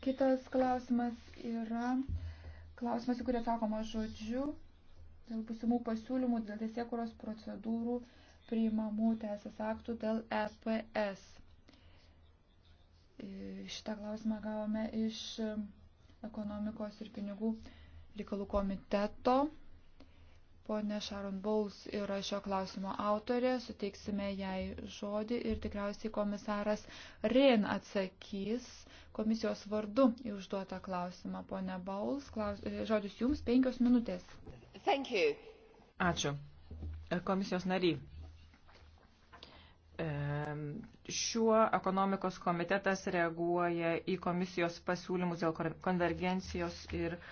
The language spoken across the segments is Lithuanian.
Kitas klausimas yra klausimas, į kurį atsakoma žodžiu dėl būsimų pasiūlymų dėl teisėkuros procedūrų priimamų teisės aktų dėl EPS. E, šitą klausimą gavome iš ekonomikos ir pinigų reikalų komiteto. Pone Sharon Bowles yra šio klausimo autorė, suteiksime jai žodį ir tikriausiai komisaras Rin atsakys komisijos vardu į užduotą klausimą. Pone Bowles, klaus... E, žodis jums penkios minutės. Thank you. Ačiū. E, komisijos nariai. E, šiuo ekonomikos komitetas reaguoja į komisijos pasiūlymus dėl konvergencijos ir uh,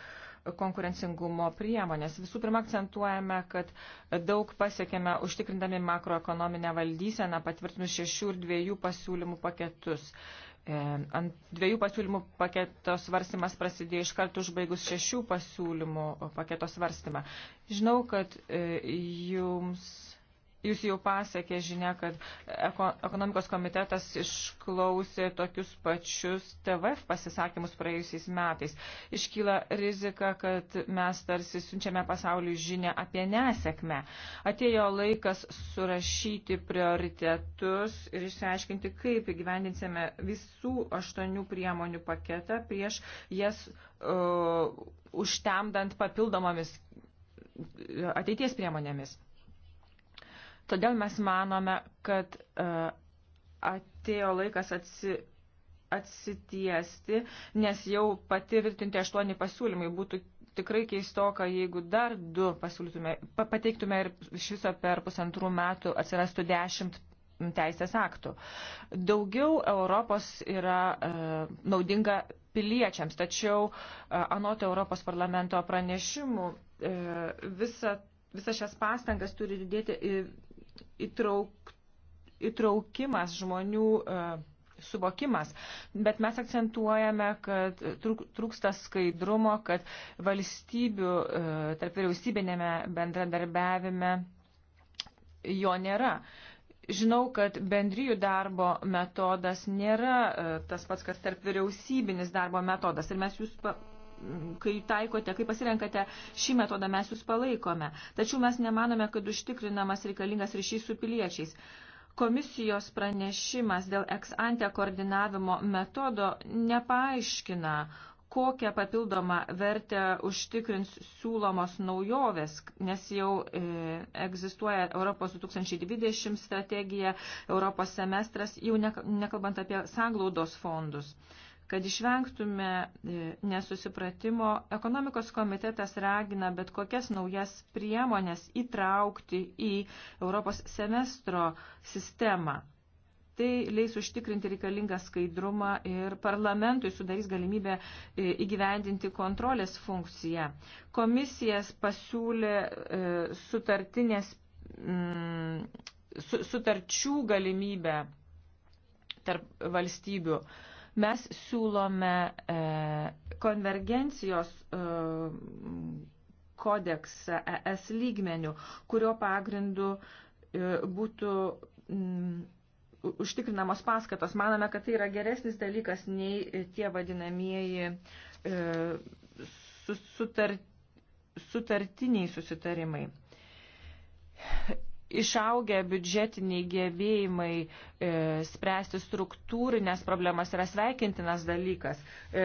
konkurencingumo priemonės. Visų pirma, akcentuojame, kad daug pasiekėme užtikrindami makroekonominę valdyseną patvirtinus šešių ir dviejų pasiūlymų paketus. E, ant dviejų pasiūlymų paketo svarstymas prasidėjo iš karto užbaigus šešių pasiūlymų paketo svarstymą. Žinau, kad e, jums Jūs jau pasakė žinia, kad ekonomikos komitetas išklausė tokius pačius TVF pasisakymus praėjusiais metais. Iškyla rizika, kad mes tarsi siunčiame pasauliu žinę apie nesėkmę. Atėjo laikas surašyti prioritetus ir išsiaiškinti, kaip įgyvendinsime visų aštuonių priemonių paketą prieš jas uh, užtemdant papildomomis ateities priemonėmis. Todėl mes manome, kad e, atėjo laikas atsi, atsitiesti, nes jau patvirtinti aštuoni pasiūlymai būtų tikrai keistoka, jeigu dar du pasiūlytume, pateiktume ir iš viso per pusantrų metų atsirastų dešimt teisės aktų. Daugiau Europos yra e, naudinga piliečiams, tačiau e, anot Europos parlamento pranešimų e, visa, visas šias pastangas turi dėti įtrauk, įtraukimas žmonių. Uh, suvokimas. Bet mes akcentuojame, kad trūksta skaidrumo, kad valstybių e, tarp vyriausybinėme bendradarbiavime jo nėra. Žinau, kad bendryjų darbo metodas nėra e, tas pats, kas tarp vyriausybinis darbo metodas. Ir mes jūs kai taikote, kai pasirenkate šį metodą, mes jūs palaikome. Tačiau mes nemanome, kad užtikrinamas reikalingas ryšys su piliečiais. Komisijos pranešimas dėl ex-ante koordinavimo metodo nepaaiškina, kokią papildomą vertę užtikrins siūlomos naujovės, nes jau e, egzistuoja Europos 2020 strategija, Europos semestras, jau nekalbant apie sanglaudos fondus. E, Kad išvengtume e, nesusipratimo, ekonomikos komitetas ragina bet kokias naujas priemonės įtraukti į Europos semestro sistemą. Tai leis užtikrinti reikalingą skaidrumą ir parlamentui sudarys galimybę e, įgyvendinti kontrolės funkciją. Komisijas pasiūlė e, sutartinės, mm, sutarčių galimybę tarp valstybių. Mes siūlome e, konvergencijos e, kodeksą ES lygmenių, kurio pagrindu e, būtų m, užtikrinamos paskatos. Manome, kad tai yra geresnis dalykas nei tie vadinamieji e, sutar, sutartiniai susitarimai išaugę biudžetiniai gebėjimai e, spręsti struktūrinės problemas yra sveikintinas dalykas. E,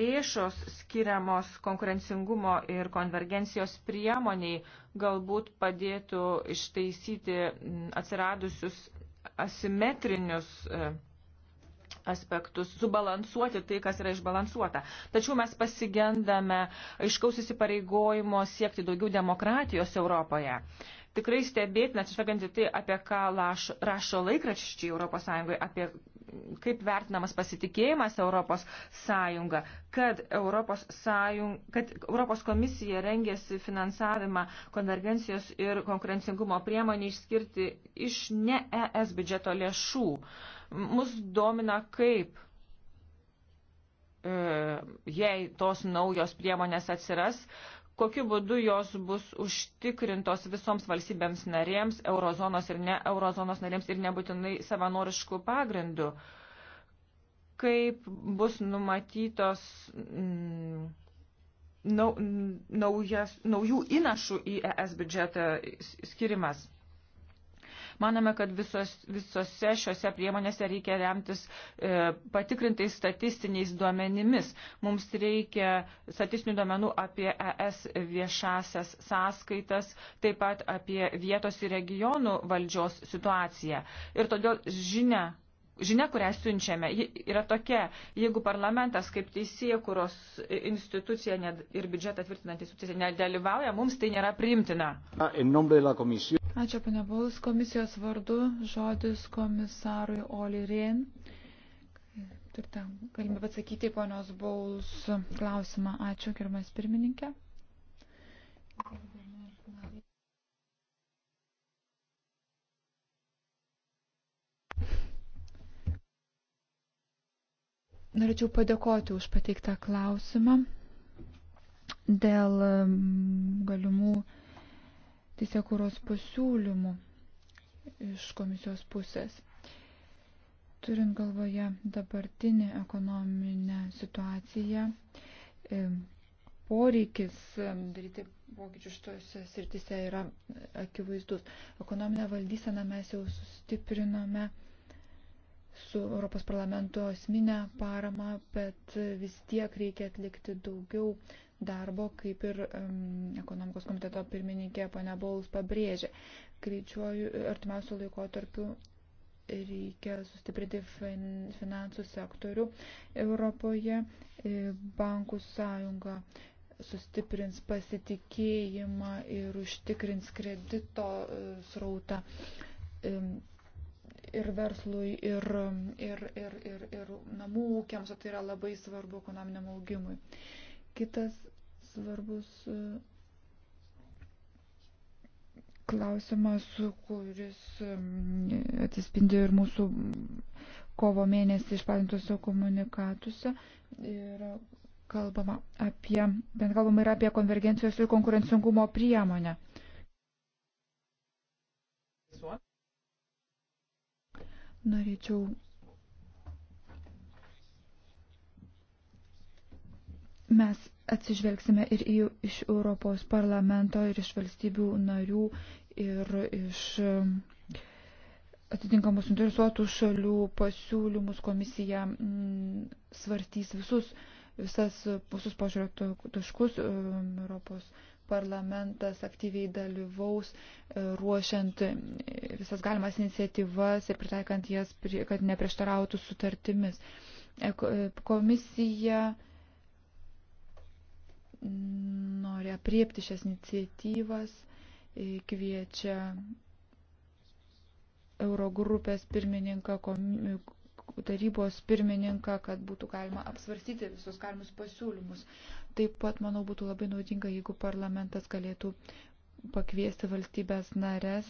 lėšos skiriamos konkurencingumo ir konvergencijos priemoniai galbūt padėtų ištaisyti atsiradusius asimetrinius e, aspektus, subalansuoti tai, kas yra išbalansuota. Tačiau mes pasigendame aiškaus įsipareigojimo siekti daugiau demokratijos Europoje tikrai stebėtina, atsižvelgiant į tai, apie ką laš, rašo laikraščiai ES, apie kaip vertinamas pasitikėjimas ES, kad ES, kad ES komisija rengėsi finansavimą konvergencijos ir konkurencingumo priemonį išskirti iš ne ES biudžeto lėšų. Mus domina kaip e, jei tos naujos priemonės atsiras, uh, kokiu būdu jos bus užtikrintos visoms valstybėms narėms, eurozonos ir ne eurozonos narėms ir nebūtinai savanoriškų pagrindų, kaip bus numatytos mm, nau, naujas, naujų įnašų į ES biudžetą skirimas. Manome, kad visos, visose šiuose priemonėse reikia remtis e, patikrintais statistiniais duomenimis. Mums reikia statistinių duomenų apie ES viešasias sąskaitas, taip pat apie vietos ir regionų valdžios situaciją. Ir todėl žinia, žinia, kurią siunčiame, yra tokia, jeigu parlamentas kaip teisėje, kurios institucija ir biudžetą tvirtinanti institucija nedalyvauja, mums tai nėra priimtina. Ačiū, pane Bolas. Komisijos vardu žodis komisarui Oli Rėn. Turite galimybę atsakyti ponios Bolas klausimą. Ačiū, gerbiamas pirmininkė. Norėčiau padėkoti už pateiktą klausimą dėl mm, galimų teisėkūros pasiūlymų iš komisijos pusės. Turint galvoje dabartinį ekonominę situaciją, e, poreikis e, daryti pokyčius šitose sritise yra akivaizdus. Ekonominę valdyseną mes jau sustiprinome su Europos parlamento asminę paramą, bet vis tiek reikia atlikti daugiau darbo, kaip ir um, ekonomikos komiteto pirmininkė pane Baulus pabrėžė. Greičiuoju, artimiausiu laikotarpiu reikia sustiprinti fin, finansų sektorių Europoje, e, bankų sąjunga sustiprins pasitikėjimą ir užtikrins kredito e, srautą. Um, ir verslui, ir, ir, ir, ir, ir namų ūkiams, o tai yra labai svarbu ekonominiam augimui. Kitas svarbus e, klausimas, kuris e, atsispindi ir mūsų kovo mėnesį išplatintose komunikatuose, yra kalbama apie, bent kalbama yra apie konvergencijos ir konkurencingumo priemonę. Norėčiau mes atsižvelgsime ir į, iš Europos parlamento, ir iš valstybių narių, ir iš atitinkamų suinteresuotų šalių pasiūlymus komisija m, mm, svartys visus, visas, visus požiūrio taškus mm, Europos parlamentas aktyviai dalyvaus e, ruošiant e, visas galimas iniciatyvas ir pritaikant jas, kad neprieštarautų sutartimis. E, komisija mm, nori apriepti šias iniciatyvas, kviečia Eurogrupės pirmininką tarybos pirmininką, kad būtų galima apsvarstyti visus galimus pasiūlymus. Taip pat, manau, būtų labai naudinga, jeigu parlamentas galėtų pakviesti valstybės narės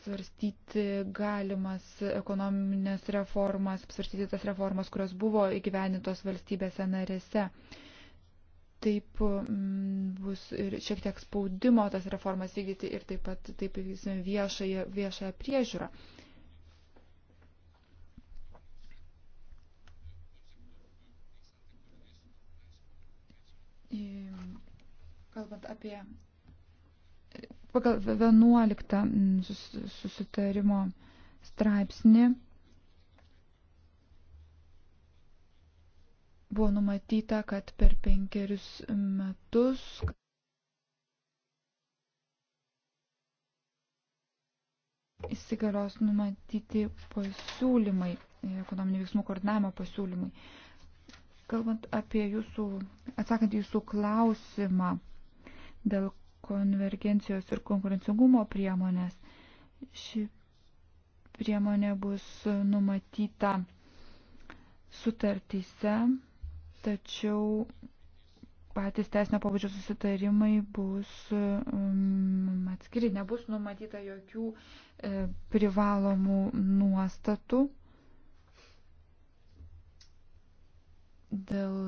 svarstyti galimas ekonominės reformas, svarstyti tas reformas, kurios buvo įgyvenintos valstybėse narėse. Taip mm, bus ir šiek tiek spaudimo tas reformas vykdyti ir taip pat taip viešąją, viešąją priežiūrą. kalbant apie pagal 11 susitarimo straipsnį buvo numatyta, kad per penkerius metus įsigalios numatyti pasiūlymai, ekonominių veiksmų koordinavimo pasiūlymai. Kalbant apie jūsų, atsakant jūsų klausimą, dėl konvergencijos ir konkurencingumo priemonės. Ši priemonė bus numatyta sutartyse, tačiau patys teisinio pabudžio susitarimai bus um, atskiri, nebus numatyta jokių e, privalomų nuostatų dėl,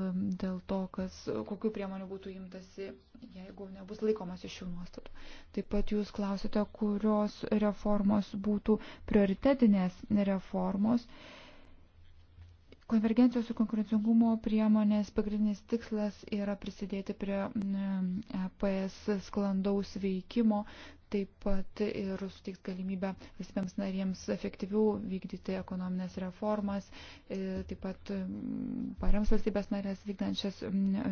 dėl to, kas, kokiu priemonių būtų imtasi, jeigu nebus laikomasi šių nuostatų. Taip pat jūs klausite, kurios reformos būtų prioritetinės reformos. Konvergencijos ir konkurencingumo priemonės pagrindinis tikslas yra prisidėti prie mm, EPS sklandaus veikimo, taip pat ir suteiks galimybę valstybėms narėms efektyviau vykdyti ekonominės reformas, e, taip pat parems valstybės narės vykdančias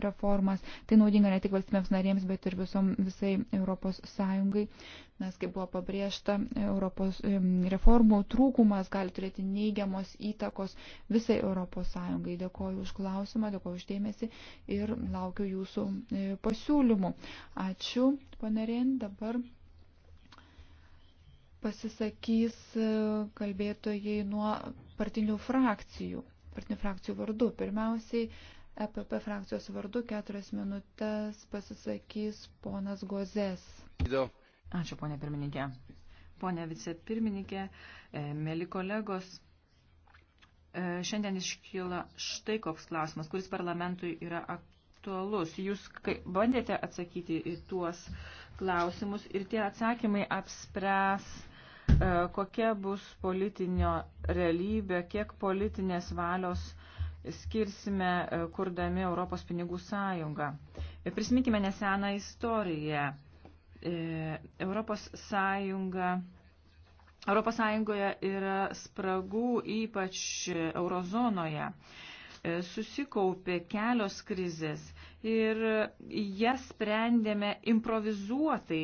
reformas. Tai naudinga ne tik valstybėms narėms, bet ir visom, visai Europos Sąjungai, nes, kaip buvo pabrėžta, Europos reformų trūkumas gali turėti neigiamos įtakos visai Europos Sąjungai. Dėkoju už klausimą, dėkoju uždėmesi ir laukiu jūsų e, pasiūlymų. Ačiū, panerėn, dabar pasisakys e, kalbėtojai nuo partinių frakcijų, partinių frakcijų vardu. Pirmiausiai EPP frakcijos vardu keturias minutės pasisakys ponas Gozės. Ačiū, ponė pirmininkė. Ponė vicepirmininkė, e, mėly kolegos, e, šiandien iškyla štai koks klausimas, kuris parlamentui yra aktualus. Jūs bandėte atsakyti į tuos klausimus ir tie atsakymai apspręs E, kokia bus politinio realybė, kiek politinės valios skirsime, e, kurdami Europos pinigų sąjungą. Prisiminkime neseną istoriją. E, Europos sąjunga. Europos Sąjungoje yra spragų, ypač eurozonoje susikaupė kelios krizės ir jas sprendėme improvizuotai,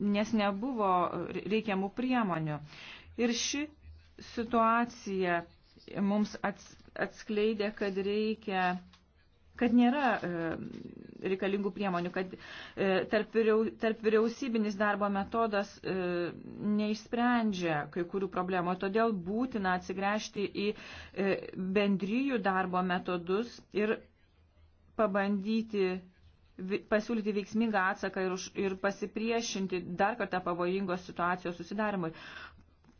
nes nebuvo reikiamų priemonių. Ir ši situacija mums atskleidė, kad reikia kad nėra e, reikalingų priemonių, kad e, tarp, vyriau, tarp vyriausybinis darbo metodas e, neišsprendžia kai kurių problemų, todėl būtina atsigręžti į e, bendryjų darbo metodus ir pabandyti pasiūlyti veiksmingą atsaką ir, už, ir pasipriešinti dar kartą pavojingos situacijos susidarimui.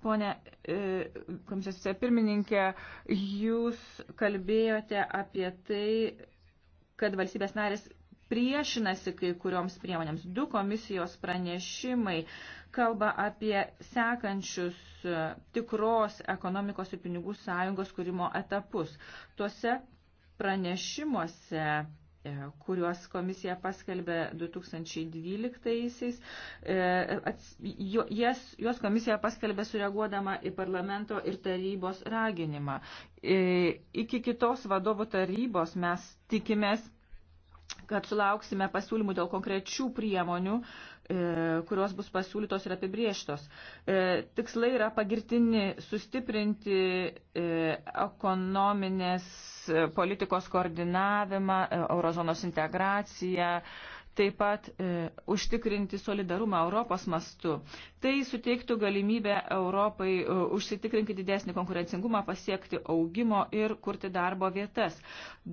Pone e, komisijos pirmininkė, jūs kalbėjote apie tai, kad valstybės narės priešinasi kai kurioms priemonėms. Du komisijos pranešimai kalba apie sekančius e, tikros ekonomikos ir pinigų sąjungos kūrimo etapus. Tuose pranešimuose E, kuriuos komisija paskelbė 2012-aisiais. E, juos komisija paskelbė sureaguodama į parlamento ir tarybos raginimą. E, iki kitos vadovų tarybos mes tikimės, kad sulauksime pasiūlymų dėl konkrečių priemonių, uh, E, kurios bus pasiūlytos ir apibrieštos. E, tikslai yra pagirtini sustiprinti e, ekonominės politikos koordinavimą, eurozonos integraciją, taip pat užtikrinti solidarumą Europos mastu. Tai suteiktų galimybę Europai užsitikrinti didesnį konkurencingumą, pasiekti augimo ir kurti darbo vietas.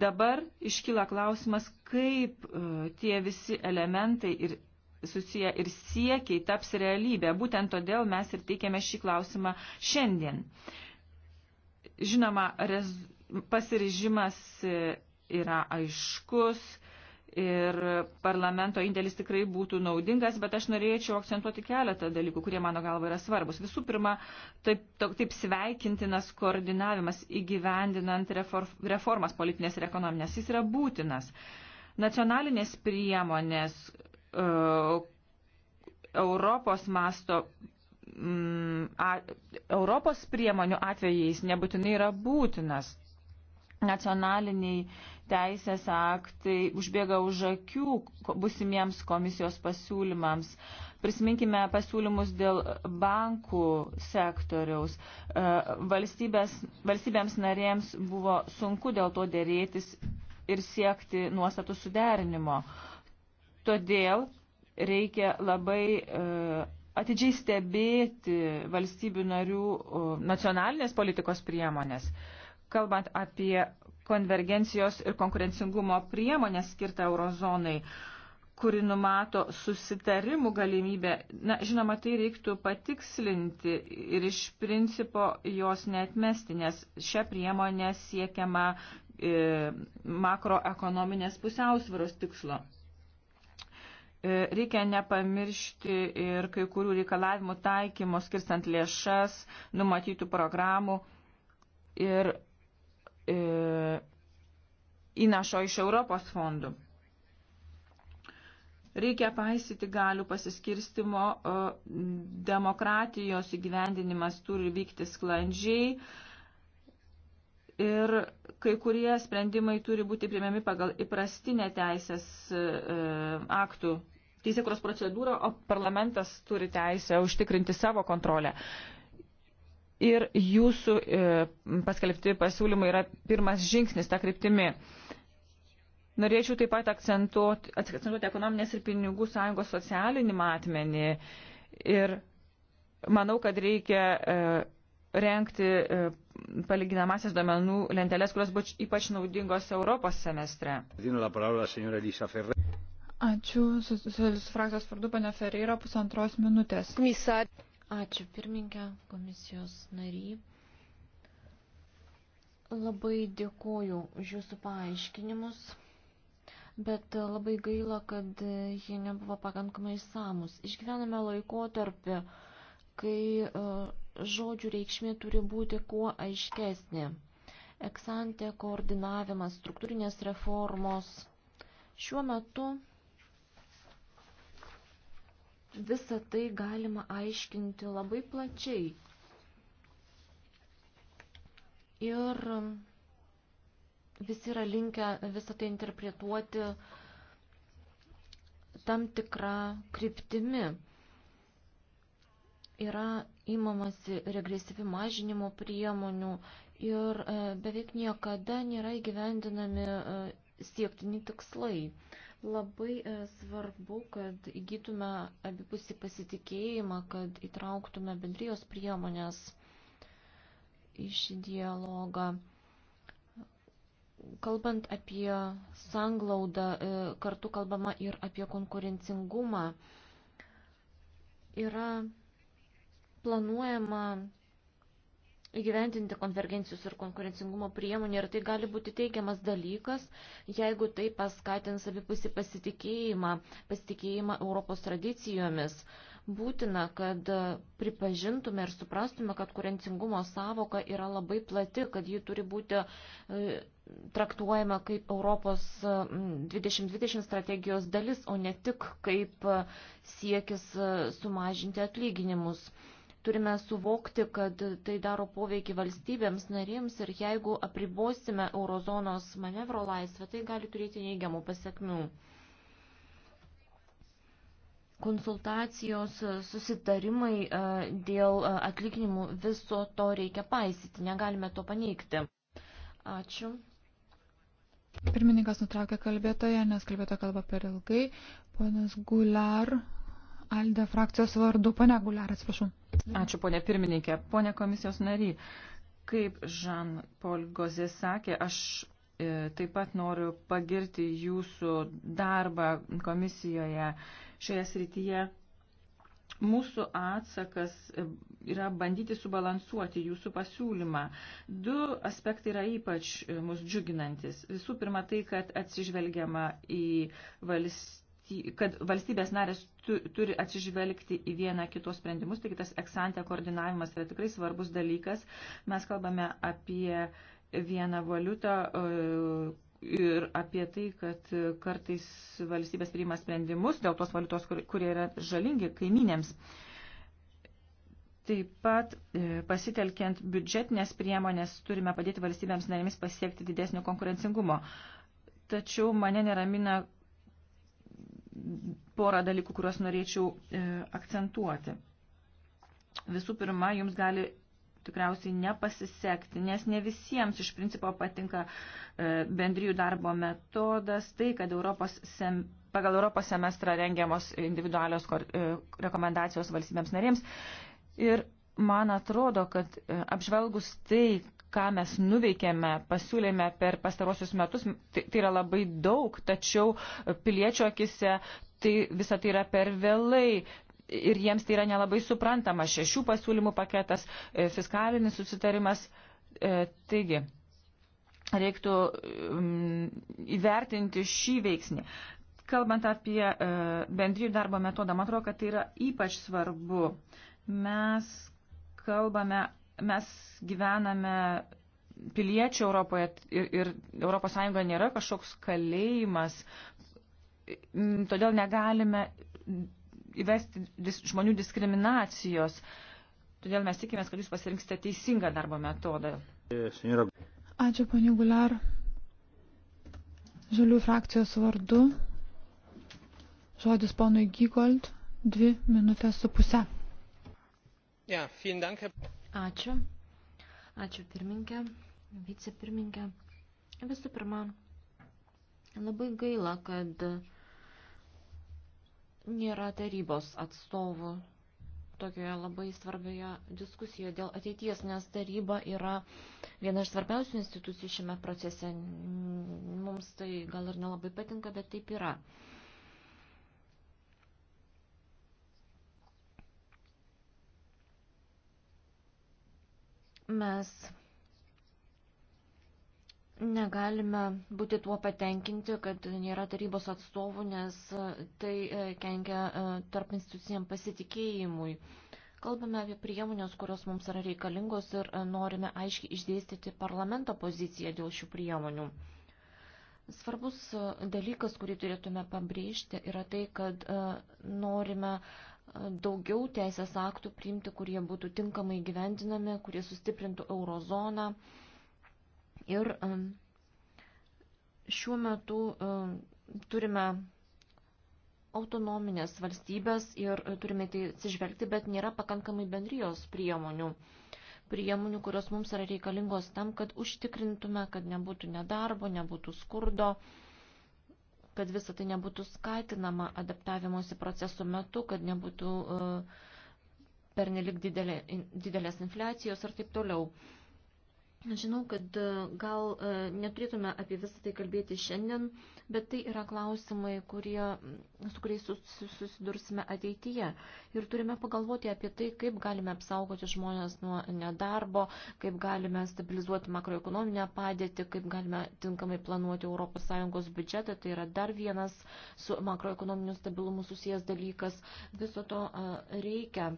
Dabar iškyla klausimas, kaip tie visi elementai ir susiję ir siekiai taps realybė. Būtent todėl mes ir teikėme šį klausimą šiandien. Žinoma, rez, pasirižimas yra aiškus ir parlamento indėlis tikrai būtų naudingas, bet aš norėčiau akcentuoti keletą dalykų, kurie mano galva yra svarbus. Visų pirma, taip, taip sveikintinas koordinavimas įgyvendinant reformas politinės ir ekonominės. Jis yra būtinas. Nacionalinės priemonės uh, Europos masto mm, a, Europos priemonių atvejais nebūtinai yra būtinas. Nacionaliniai teisės aktai užbėga už akių busimiems komisijos pasiūlymams. Prisiminkime pasiūlymus dėl bankų sektoriaus. E, valstybės, valstybėms narėms buvo sunku dėl to dėrėtis ir siekti nuostatų suderinimo. Uh, Todėl reikia labai e, atidžiai stebėti valstybių narių nacionalinės politikos priemonės. Kalbant apie konvergencijos ir konkurencingumo priemonę skirtą eurozonai, kuri numato susitarimų galimybę. Na, žinoma, tai reiktų patikslinti ir iš principo jos netmesti, nes šią priemonę siekiama e, makroekonominės pusiausvėros tikslo. E, reikia nepamiršti ir kai kurių reikalavimų taikymo, skirstant lėšas, numatytų programų ir e, įnašo iš Europos fondų. Reikia paisyti galių pasiskirstimo, demokratijos įgyvendinimas turi vykti sklandžiai, e, Ir kai kurie sprendimai turi būti priimami pagal įprastinę teisės e, aktų teisėkros procedūrą, o parlamentas turi teisę užtikrinti savo kontrolę. Ir jūsų e, paskelbti pasiūlymai yra pirmas žingsnis tą kryptimi. Norėčiau taip pat akcentuoti, akcentuoti ekonominės ir pinigų sąjungos socialinį matmenį ir manau, kad reikia e, renkti e, palyginamasias duomenų lentelės, kurios bus ypač naudingos Europos semestre. Ačiū, socialistų frakcijos vardu, pane Ferreira, pusantros minutės. Komisar. Ačiū, pirmininkė, komisijos nary. Labai dėkuoju už jūsų paaiškinimus, bet labai gaila, kad jie nebuvo pakankamai samus. Išgyvename laikotarpį, kai uh, žodžių reikšmė turi būti kuo aiškesnė. Eksantė koordinavimas, struktūrinės reformos. Šiuo metu visą tai galima aiškinti labai plačiai. Ir visi yra linkę visą tai interpretuoti tam tikrą kryptimi yra įmamasi regresyvi mažinimo priemonių ir e, beveik niekada nėra įgyvendinami e, siektini tikslai. Labai e, svarbu, kad įgytume abipusį pasitikėjimą, kad įtrauktume bendrijos priemonės į šį dialogą. Kalbant apie sanglaudą, kartu kalbama ir apie konkurencingumą. Yra planuojama įgyventinti konvergencijos ir konkurencingumo priemonę ir tai gali būti teigiamas dalykas, jeigu tai paskatins abipusį pasitikėjimą, pasitikėjimą Europos tradicijomis. Būtina, kad pripažintume ir suprastume, kad konkurencingumo savoka yra labai plati, kad ji turi būti e, traktuojama kaip Europos 2020 strategijos dalis, o ne tik kaip siekis e, sumažinti atlyginimus. Turime suvokti, kad tai daro poveikį valstybėms narėms ir jeigu apribosime eurozonos manevro laisvę, tai gali turėti neigiamų pasiekmių. Konsultacijos, susitarimai e, dėl e, atlyginimų viso to reikia paisyti, negalime to paneigti. Ačiū. Pirmininkas nutraukė kalbėtoje, nes kalbėtoja kalba per ilgai. Ponas Gular Alde frakcijos vardu. Pane Guliar, atsiprašau. Ačiū, ponė pirmininkė. Pone komisijos nary, kaip Žan-Paul Gozė sakė, aš e, taip pat noriu pagirti jūsų darbą komisijoje šioje srityje. Mūsų atsakas e, yra bandyti subalansuoti jūsų pasiūlymą. Du aspektai yra ypač e, mus džiuginantis. Visų pirma, tai, kad atsižvelgiama į valstybę valsty, kad valstybės narės tu, turi atsižvelgti į vieną kitos sprendimus, taigi tas eksantė koordinavimas yra tikrai svarbus dalykas. Mes kalbame apie vieną valiutą e, ir apie tai, kad kartais valstybės priima sprendimus dėl tos valiutos, kur, kurie yra žalingi kaiminėms. Taip pat e, pasitelkiant biudžetinės priemonės turime padėti valstybėms narėmis pasiekti didesnio konkurencingumo. Tačiau mane neramina porą dalykų, kuriuos norėčiau e, akcentuoti. Visų pirma, jums gali tikriausiai nepasisekti, nes ne visiems iš principo patinka e, bendrijų darbo metodas, tai, kad Europos sem, pagal Europos semestrą rengiamos individualios kor, e, rekomendacijos valstybėms narėms. Ir man atrodo, kad e, apžvelgus tai, ką mes nuveikėme, pasiūlėme per pastarosius metus, tai, tai yra labai daug, tačiau e, piliečio akise tai visa tai yra per vėlai. Ir jiems tai yra nelabai suprantama. Šešių pasiūlymų paketas, e, fiskalinis susitarimas. E, taigi, reiktų įvertinti šį veiksnį. Kalbant apie e, bendrijų darbo metodą, man atrodo, kad tai yra ypač svarbu. Mes kalbame, mes gyvename piliečių Europoje ir, ir ES nėra kažkoks kalėjimas, Mm, todėl negalime įvesti dis, žmonių diskriminacijos. Todėl mes tikimės, kad jūs pasirinksite teisingą darbo metodą. Ačiū, ponė Gular. Žalių frakcijos vardu. Žodis ponui Gygold. Dvi minutės su pusę. Ja, dank, Ačiū. Ačiū pirmininkė, vicepirmininkė. Visų pirma, labai gaila, kad uh, nėra tarybos atstovų tokioje labai svarbioje diskusijoje dėl ateities, nes taryba yra viena iš svarbiausių institucijų šiame procese. Mums tai gal ir nelabai patinka, bet taip yra. Mes Negalime būti tuo patenkinti, kad nėra tarybos atstovų, nes tai e, kenkia e, tarp institucijam pasitikėjimui. Kalbame apie priemonės, kurios mums yra reikalingos ir e, norime aiškiai išdėstyti parlamento poziciją dėl šių priemonių. Svarbus dalykas, kurį turėtume pabrėžti, yra tai, kad norime daugiau teisės aktų priimti, kurie būtų tinkamai gyvendinami, kurie sustiprintų eurozoną. Ir šiuo metu turime autonominės valstybės ir turime tai atsižvelgti, bet nėra pakankamai bendrijos priemonių. Priemonių, kurios mums yra reikalingos tam, kad užtikrintume, kad nebūtų nedarbo, nebūtų skurdo, kad visa tai nebūtų skatinama adaptavimuose procesų metu, kad nebūtų e, pernelik didelė, didelės infliacijos ir taip toliau. Žinau, kad e, gal e, neturėtume apie visą tai kalbėti šiandien, bet tai yra klausimai, kurie, su kuriais susidursime ateityje. Ir turime pagalvoti apie tai, kaip galime apsaugoti žmonės nuo nedarbo, kaip galime stabilizuoti makroekonominę padėtį, kaip galime tinkamai planuoti ES biudžetą. Tai yra dar vienas su makroekonominiu stabilumu susijęs dalykas. Viso to e, reikia.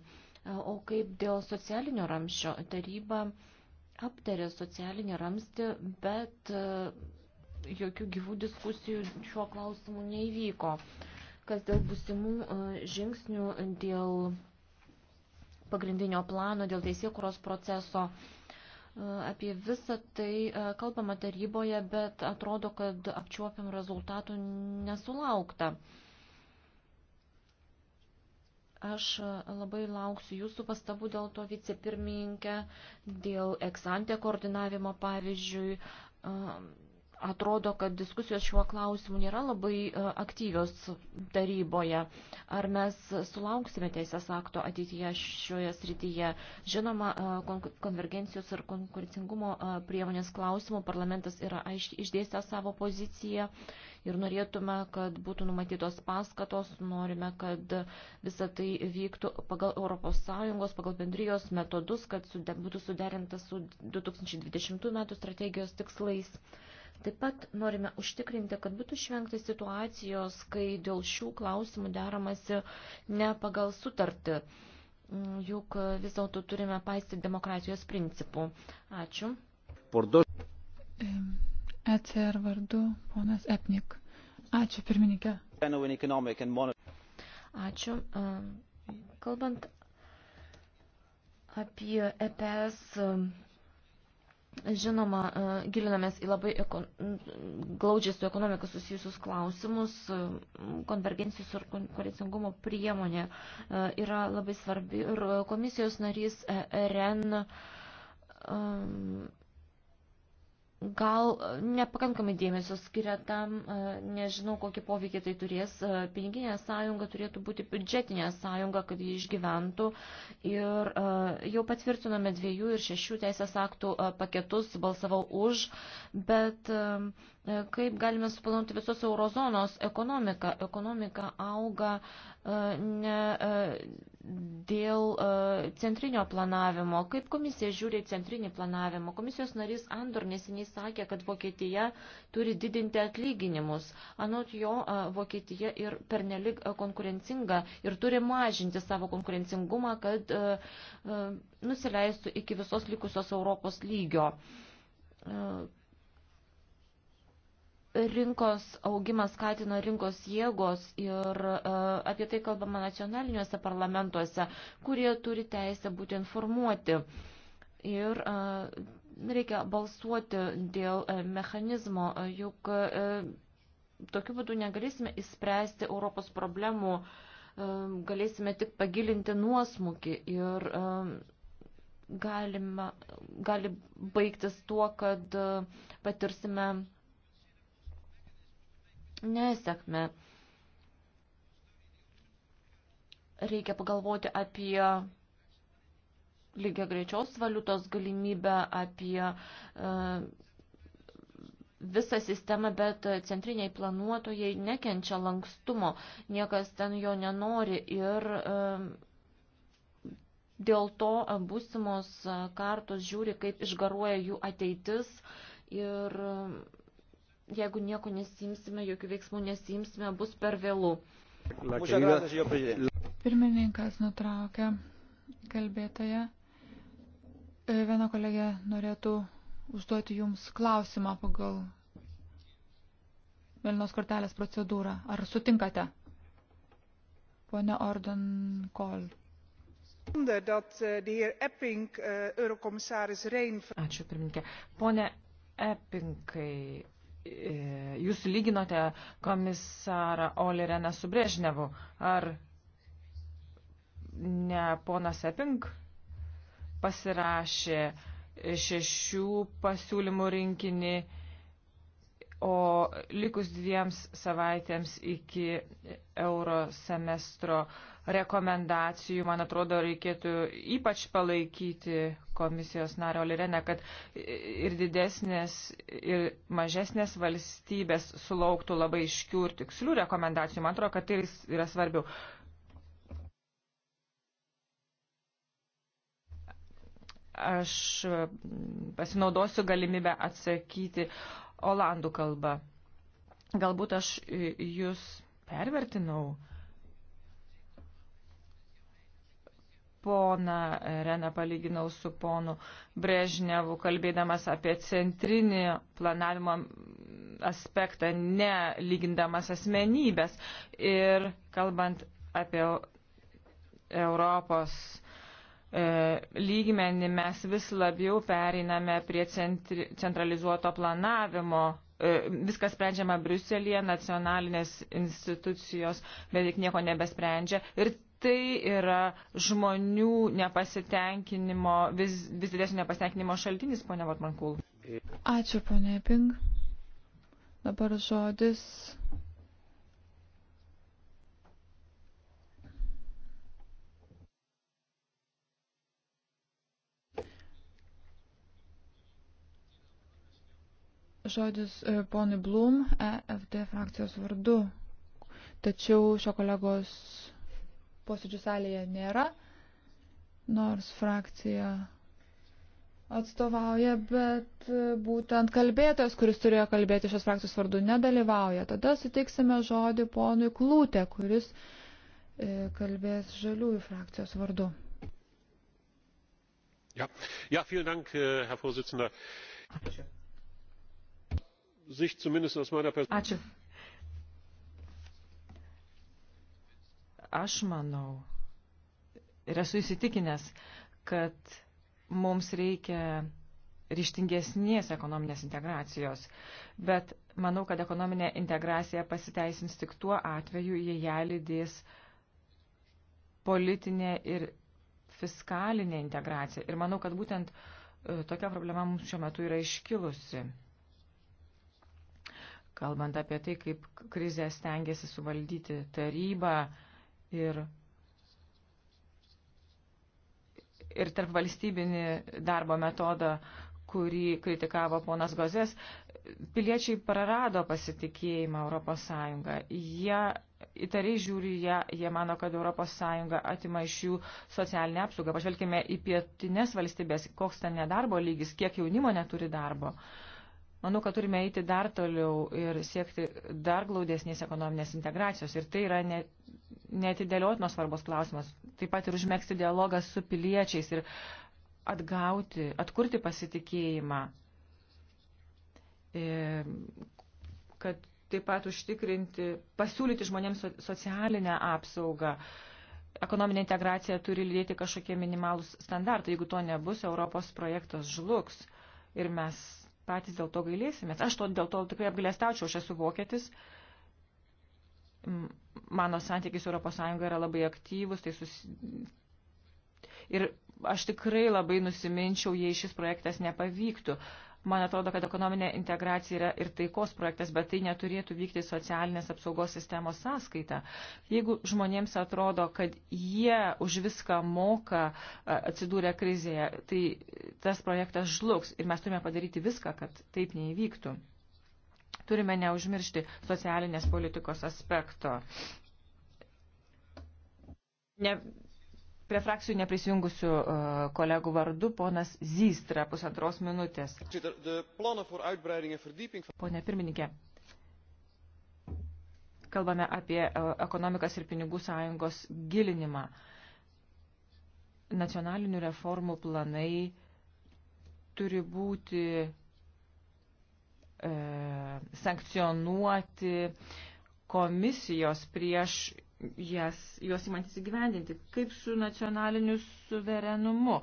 O kaip dėl socialinio ramščio taryba? aptarė socialinį ramstį, bet e, jokių gyvų diskusijų šiuo klausimu neįvyko. Kas dėl busimų e, žingsnių, dėl pagrindinio plano, dėl teisėkuros proceso, e, apie visą tai kalbama taryboje, bet atrodo, kad apčiuopiam rezultatų nesulaukta. Aš e, labai lauksiu jūsų pastabų dėl to vicepirmininkė, dėl eksantė koordinavimo pavyzdžiui, e, Atrodo, kad diskusijos šiuo klausimu nėra labai e, aktyvios taryboje. Ar mes sulauksime teisės akto ateityje šioje srityje? Žinoma, e, konvergencijos ir konkurencingumo e, priemonės klausimų parlamentas yra išdėstę savo poziciją ir norėtume, kad būtų numatytos paskatos, norime, kad visa tai vyktų pagal ES, pagal bendrijos metodus, kad būtų suderinta su 2020 metų strategijos tikslais. Taip pat norime užtikrinti, kad būtų išvengta situacijos, kai dėl šių klausimų deramasi ne pagal sutartį. Mm, juk vis dėlto turime paisti demokratijos principų. Ačiū. Pordo. ECR vardu ponas Epnik. Ačiū pirmininkė. Ačiū. Kalbant apie EPS Žinoma, e, gilinamės į labai ekon... glaudžiai su ekonomika susijusius klausimus. E, konvergencijos ir konkurencingumo priemonė e, yra labai svarbi ir komisijos narys REN gal e, nepakankamai dėmesio skiria tam, e, nežinau, kokį poveikį tai turės. E, piniginė sąjunga turėtų būti biudžetinė sąjunga, kad jį išgyventų. Ir jau patvirtinome dviejų ir šešių teisės aktų paketus, balsavau už, bet uh, E, kaip galime suplanuoti visos eurozonos ekonomiką. Ekonomika auga e, ne e, dėl centrinio planavimo. Kaip komisija žiūri centrinį planavimą? Komisijos narys Andor neseniai sakė, kad Vokietija turi didinti atlyginimus. Anot jo, Vokietija ir pernelik konkurencinga ir turi mažinti savo konkurencingumą, kad nusileistų iki visos likusios Europos lygio rinkos augimas skatino rinkos jėgos ir e, apie tai kalbama nacionaliniuose parlamentuose, kurie turi teisę būti informuoti. Ir e, reikia balsuoti dėl e, mechanizmo, juk tokiu būdu negalėsime įspręsti Europos problemų, galėsime tik pagilinti nuosmukį ir galima, gali baigtis tuo, kad patirsime nesėkmę. Reikia pagalvoti apie lygia greičiaus valiutos galimybę, apie e, visą sistemą, bet centriniai planuotojai nekenčia lankstumo, niekas ten jo nenori ir e, dėl to būsimos kartos žiūri, kaip išgaruoja jų ateitis ir jeigu nieko nesimsime, jokių veiksmų nesimsime, bus per vėlų. Pirmininkas nutraukė kalbėtoje. E, viena kolegė norėtų užduoti Jums klausimą pagal Vilnos kortelės procedūrą. Ar sutinkate? Pone Orden Kol. Ačiū, pirmininkė. Pone Epinkai, E, jūs lyginote komisarą Olireną su Brežnevu. Ar ne ponas Epink pasirašė šešių pasiūlymų rinkinį? o likus dviems savaitėms iki euro semestro rekomendacijų, man atrodo, reikėtų ypač palaikyti komisijos nario Lireną, kad ir didesnės, ir mažesnės valstybės sulauktų labai iškių ir tikslių rekomendacijų. Man atrodo, kad tai yra svarbiau. Aš pasinaudosiu galimybę atsakyti olandų kalba. Galbūt aš jūs pervertinau. Pona Rena palyginau su ponu Brežnevu, kalbėdamas apie centrinį planavimo aspektą, ne lygindamas asmenybės ir kalbant apie Europos E, lygmenį mes vis labiau pereiname prie centri, centralizuoto planavimo. E, viskas sprendžiama Briuselėje, nacionalinės institucijos beveik nieko nebesprendžia. Ir tai yra žmonių nepasitenkinimo, vis, vis didesnio nepasitenkinimo šaltinis, ponia Vatmankul. Ačiū, ponia Ping. Dabar žodis žodis e, ponui Blum, EFD frakcijos vardu. Tačiau šio kolegos posėdžių salėje nėra, nors frakcija atstovauja, bet e, būtent kalbėtojas, kuris turėjo kalbėti šios frakcijos vardu, nedalyvauja. Tada suteiksime žodį ponui Klūtė, kuris e, kalbės žaliųjų frakcijos vardu. Ja. Ja, vielen Dank, äh, Herr Vorsitzender. Ačiū sich zumindest aus meiner Ačiū. Aš manau ir esu įsitikinęs, kad mums reikia ryštingesnės ekonominės integracijos, bet manau, kad ekonominė integracija pasiteisins tik tuo atveju, jei ją lydės politinė ir fiskalinė integracija. Ir manau, kad būtent e, tokia problema mums šiuo metu yra iškilusi kalbant apie tai, kaip krizę stengiasi suvaldyti taryba ir, ir tarp valstybinį darbo metodą, kurį kritikavo ponas Gozės, piliečiai prarado pasitikėjimą Europos Sąjungą. Jie įtariai žiūri ją, jie mano, kad Europos Sąjunga atima iš jų socialinę apsaugą. Pažvelkime į pietinės valstybės, koks ten nedarbo lygis, kiek jaunimo neturi darbo. Uh, Manau, kad turime eiti dar toliau ir siekti dar glaudesnės ekonominės integracijos. Ir tai yra ne, netidėliotinos svarbos klausimas. Taip pat ir užmėgsti dialogą su piliečiais ir atgauti, atkurti pasitikėjimą. E, kad taip pat užtikrinti, pasiūlyti žmonėms socialinę apsaugą. Ekonominė integracija turi lydėti kažkokie minimalūs standartai. Jeigu to nebus, Europos projektas žlugs. Ir mes patys dėl to gailėsimės. Aš to dėl to tikrai apgailestaučiau, aš esu vokietis. Mano santykiai su ES yra labai aktyvus, tai sus... ir aš tikrai labai nusiminčiau, jei šis projektas nepavyktų. Uh, Man atrodo, kad ekonominė integracija yra ir taikos projektas, bet tai neturėtų vykti socialinės apsaugos sistemos sąskaita. Jeigu žmonėms atrodo, kad jie už viską moka atsidūrę krizėje, tai tas projektas žlugs ir mes turime padaryti viską, kad taip neįvyktų. Turime neužmiršti socialinės politikos aspekto. Ne, prie frakcijų neprisijungusių e, kolegų vardu ponas Zystra, pusantros minutės. Pone pirmininkė, kalbame apie e, ekonomikas ir pinigų sąjungos gilinimą. Nacionalinių reformų planai turi būti e, sankcionuoti komisijos prieš jas, juos įmantis įgyvendinti, kaip su nacionaliniu suverenumu.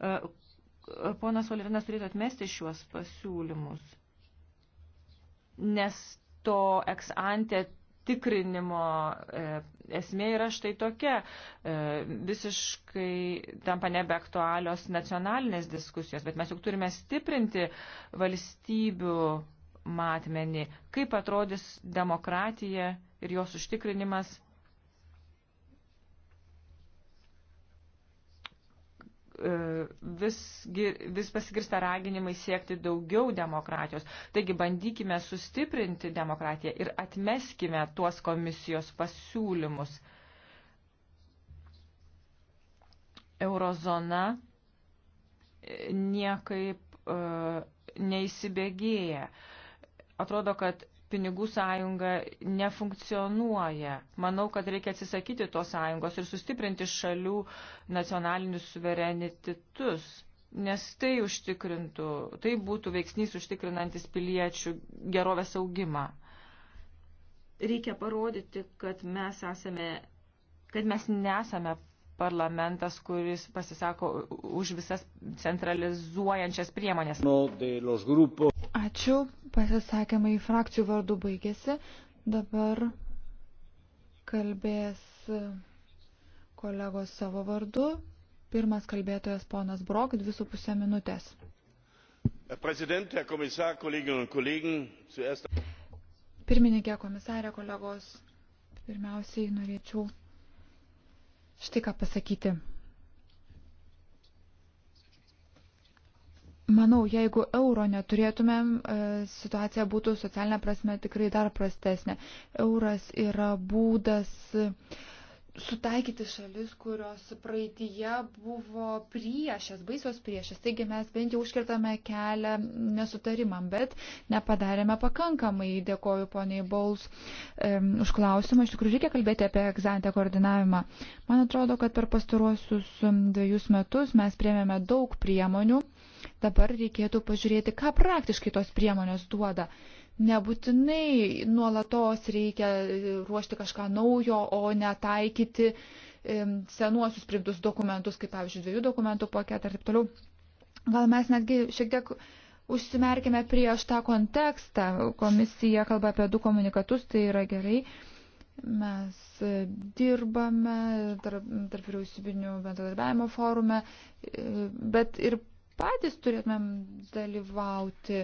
E, e, ponas Olirinas turėtų atmesti šiuos pasiūlymus, nes to ex ante tikrinimo e, esmė yra štai tokia. Visiškai tampa nebeaktualios nacionalinės diskusijos, bet mes juk turime stiprinti valstybių matmenį, kaip atrodys demokratija ir jos užtikrinimas E, visgi, vis pasigirsta raginimai siekti daugiau demokratijos. Taigi bandykime sustiprinti demokratiją ir atmeskime tuos komisijos pasiūlymus. Eurozona e, niekaip uh, neįsibėgėja. Atrodo, kad pinigų sąjunga nefunkcionuoja. Manau, kad reikia atsisakyti tos sąjungos ir sustiprinti šalių nacionalinius suverenitetus, nes tai užtikrintų, tai būtų veiksnys užtikrinantis piliečių gerovės augimą. Reikia parodyti, kad mes, esame, kad mes nesame parlamentas, kuris pasisako už visas centralizuojančias priemonės. No Ačiū. Pasisakymai frakcijų vardų baigėsi. Dabar kalbės kolegos savo vardu. Pirmas kalbėtojas ponas Brok, dvi su pusė minutės. Pirmininkė komisarė, kolegos, pirmiausiai norėčiau štai ką pasakyti. Manau, jeigu euro neturėtumėm, e, situacija būtų socialinė prasme tikrai dar prastesnė. Euras yra būdas e, sutaikyti šalis, kurios praeitie buvo priešas, baisos priešas. Taigi mes bent jau užkirtame kelią nesutarimam, bet nepadarėme pakankamai. Dėkoju poniai Bols um, e, už klausimą. Iš tikrųjų reikia kalbėti apie egzantę koordinavimą. Man atrodo, kad per pastaruosius dviejus metus mes priemėme daug priemonių Dabar reikėtų pažiūrėti, ką praktiškai tos priemonės duoda. Nebūtinai nuolatos reikia e, ruošti kažką naujo, o netaikyti e, senuosius primtus dokumentus, kaip pavyzdžiui, dviejų dokumentų paketą ir taip toliau. Gal mes netgi šiek tiek užsimerkime prieš tą kontekstą. Komisija kalba apie du komunikatus, tai yra gerai. Mes e, dirbame tarp, tarp vyriausybinių bendradarbiavimo forume, bet ir patys turėtumėm dalyvauti.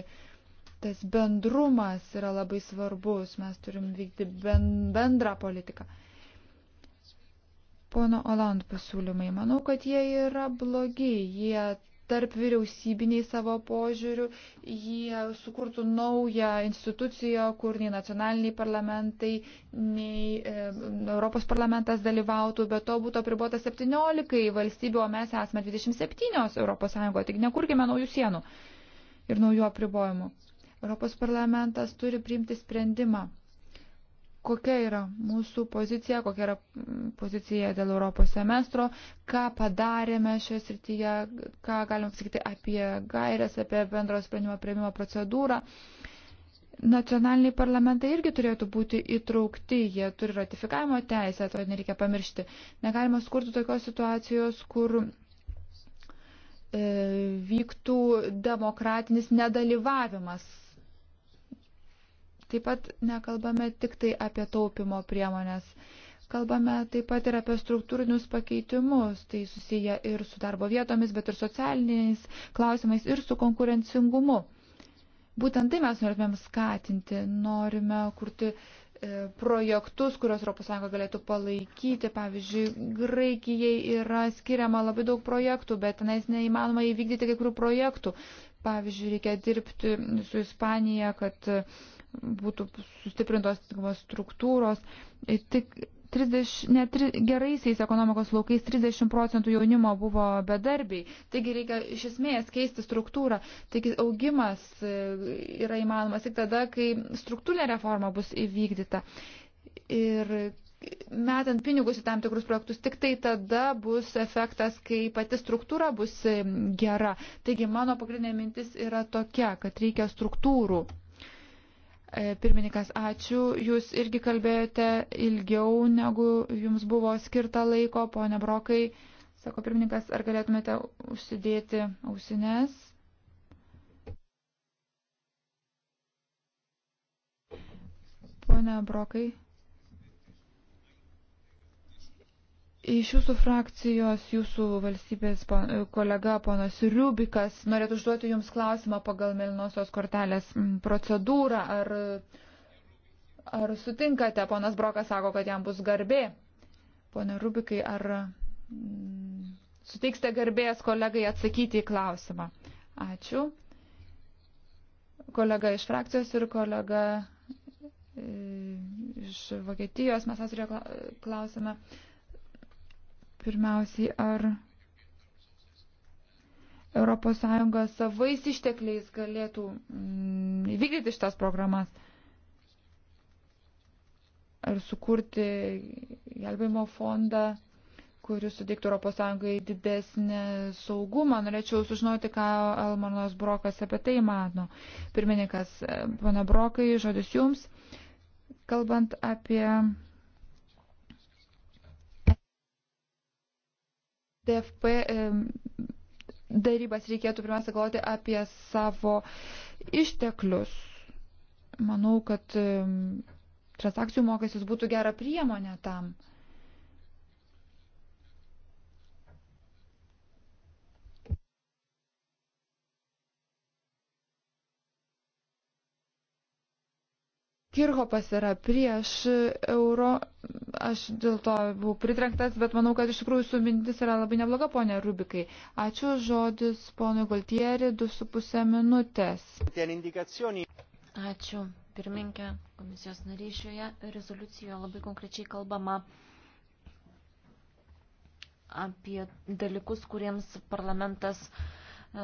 Tas bendrumas yra labai svarbus, mes turim vykti bendrą politiką. Pono Oland pasiūlymai, manau, kad jie yra blogi, jie tarp vyriausybiniai savo požiūrių, jie sukurtų naują instituciją, kur nei nacionaliniai parlamentai, nei e, Europos parlamentas dalyvautų, bet to būtų apribota 17 valstybių, o mes esame 27 Europos Sąjungoje, tik nekurkime naujų sienų ir naujų apribojimų. Europos parlamentas turi priimti sprendimą kokia yra mūsų pozicija, kokia yra mm, pozicija dėl Europos semestro, ką padarėme šioje srityje, ką galime pasakyti apie gairias, apie bendro sprendimo prieimimo procedūrą. Nacionaliniai parlamentai irgi turėtų būti įtraukti, jie turi ratifikavimo teisę, to nereikia pamiršti. Negalima skurti tokios situacijos, kur e, vyktų demokratinis nedalyvavimas Taip pat nekalbame tik tai apie taupimo priemonės. Kalbame taip pat ir apie struktūrinius pakeitimus, tai susiję ir su darbo vietomis, bet ir socialiniais klausimais, ir su konkurencingumu. Būtent tai mes norėtumėm skatinti, norime kurti e, projektus, kuriuos ES galėtų palaikyti. Pavyzdžiui, Graikijai yra skiriama labai daug projektų, bet tenais neįmanoma įvykdyti kai kurių projektų. Pavyzdžiui, reikia dirbti su Ispanija, kad būtų sustiprintos tinkamos struktūros. Tik 30, net geraisiais ekonomikos laukais 30 procentų jaunimo buvo bedarbiai. Taigi reikia iš esmės keisti struktūrą. Taigi augimas e, yra įmanomas tik tada, kai struktūrinė reforma bus įvykdyta. Ir metant pinigus į tam tikrus projektus, tik tai tada bus efektas, kai pati struktūra bus e, gera. Taigi mano pagrindinė mintis yra tokia, kad reikia struktūrų. E, pirmininkas, ačiū. Jūs irgi kalbėjote ilgiau, negu jums buvo skirta laiko, ponia Brokai. Sako pirmininkas, ar galėtumėte užsidėti ausines? Pone Brokai. Iš jūsų frakcijos, jūsų valstybės e, kolega ponas Riubikas norėtų užduoti jums klausimą pagal Melinosios kortelės procedūrą. Ar, ar sutinkate, ponas Brokas sako, kad jam bus garbė. Pone Rubikai, ar m, suteiksite garbės kolegai atsakyti į klausimą? Ačiū. Kolega iš frakcijos ir kolega e, iš Vokietijos mes atsirėjo klausimą. Pirmiausiai, ar ES savais ištekliais galėtų mm, įvykdyti šitas programas ar sukurti gelbėjimo fondą, kuris suteiktų ES didesnį saugumą. Norėčiau sužinoti, ką Almanas Brokas apie tai mano. Pirmininkas, e, pana Brokai, žodis jums, kalbant apie TFP darybas reikėtų pirmiausia galvoti apie savo išteklius. Manau, kad transakcijų mokestis būtų gera priemonė tam. Kirhopas yra prieš euro, aš dėl to buvau pritrenktas, bet manau, kad iš tikrųjų jūsų mintis yra labai nebloga, ponė Rubikai. Ačiū žodis ponui Galtieri, 2,5 minutės. Ačiū, pirminkė, komisijos naryšioje rezoliucijoje labai konkrečiai kalbama apie dalykus, kuriems parlamentas e,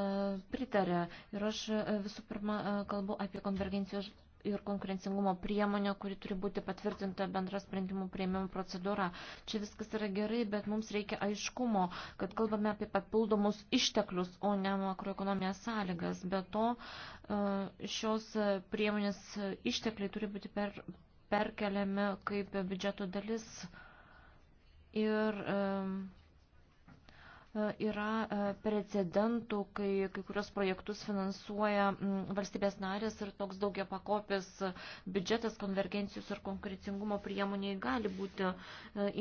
pritarė. Ir aš e, visų pirma e, kalbu apie konvergencijos ir konkurencingumo priemonė, kuri turi būti patvirtinta bendra sprendimų prieimimo procedūra. Čia viskas yra gerai, bet mums reikia aiškumo, kad kalbame apie papildomus išteklius, o ne makroekonomijos sąlygas. Be to, e, šios priemonės ištekliai turi būti per, perkeliami kaip biudžeto dalis. Ir um, E, yra e, precedentų, kai kai kurios projektus finansuoja valstybės narės ir toks daugia pakopės biudžetas konvergencijos ir konkurencingumo priemoniai gali būti e,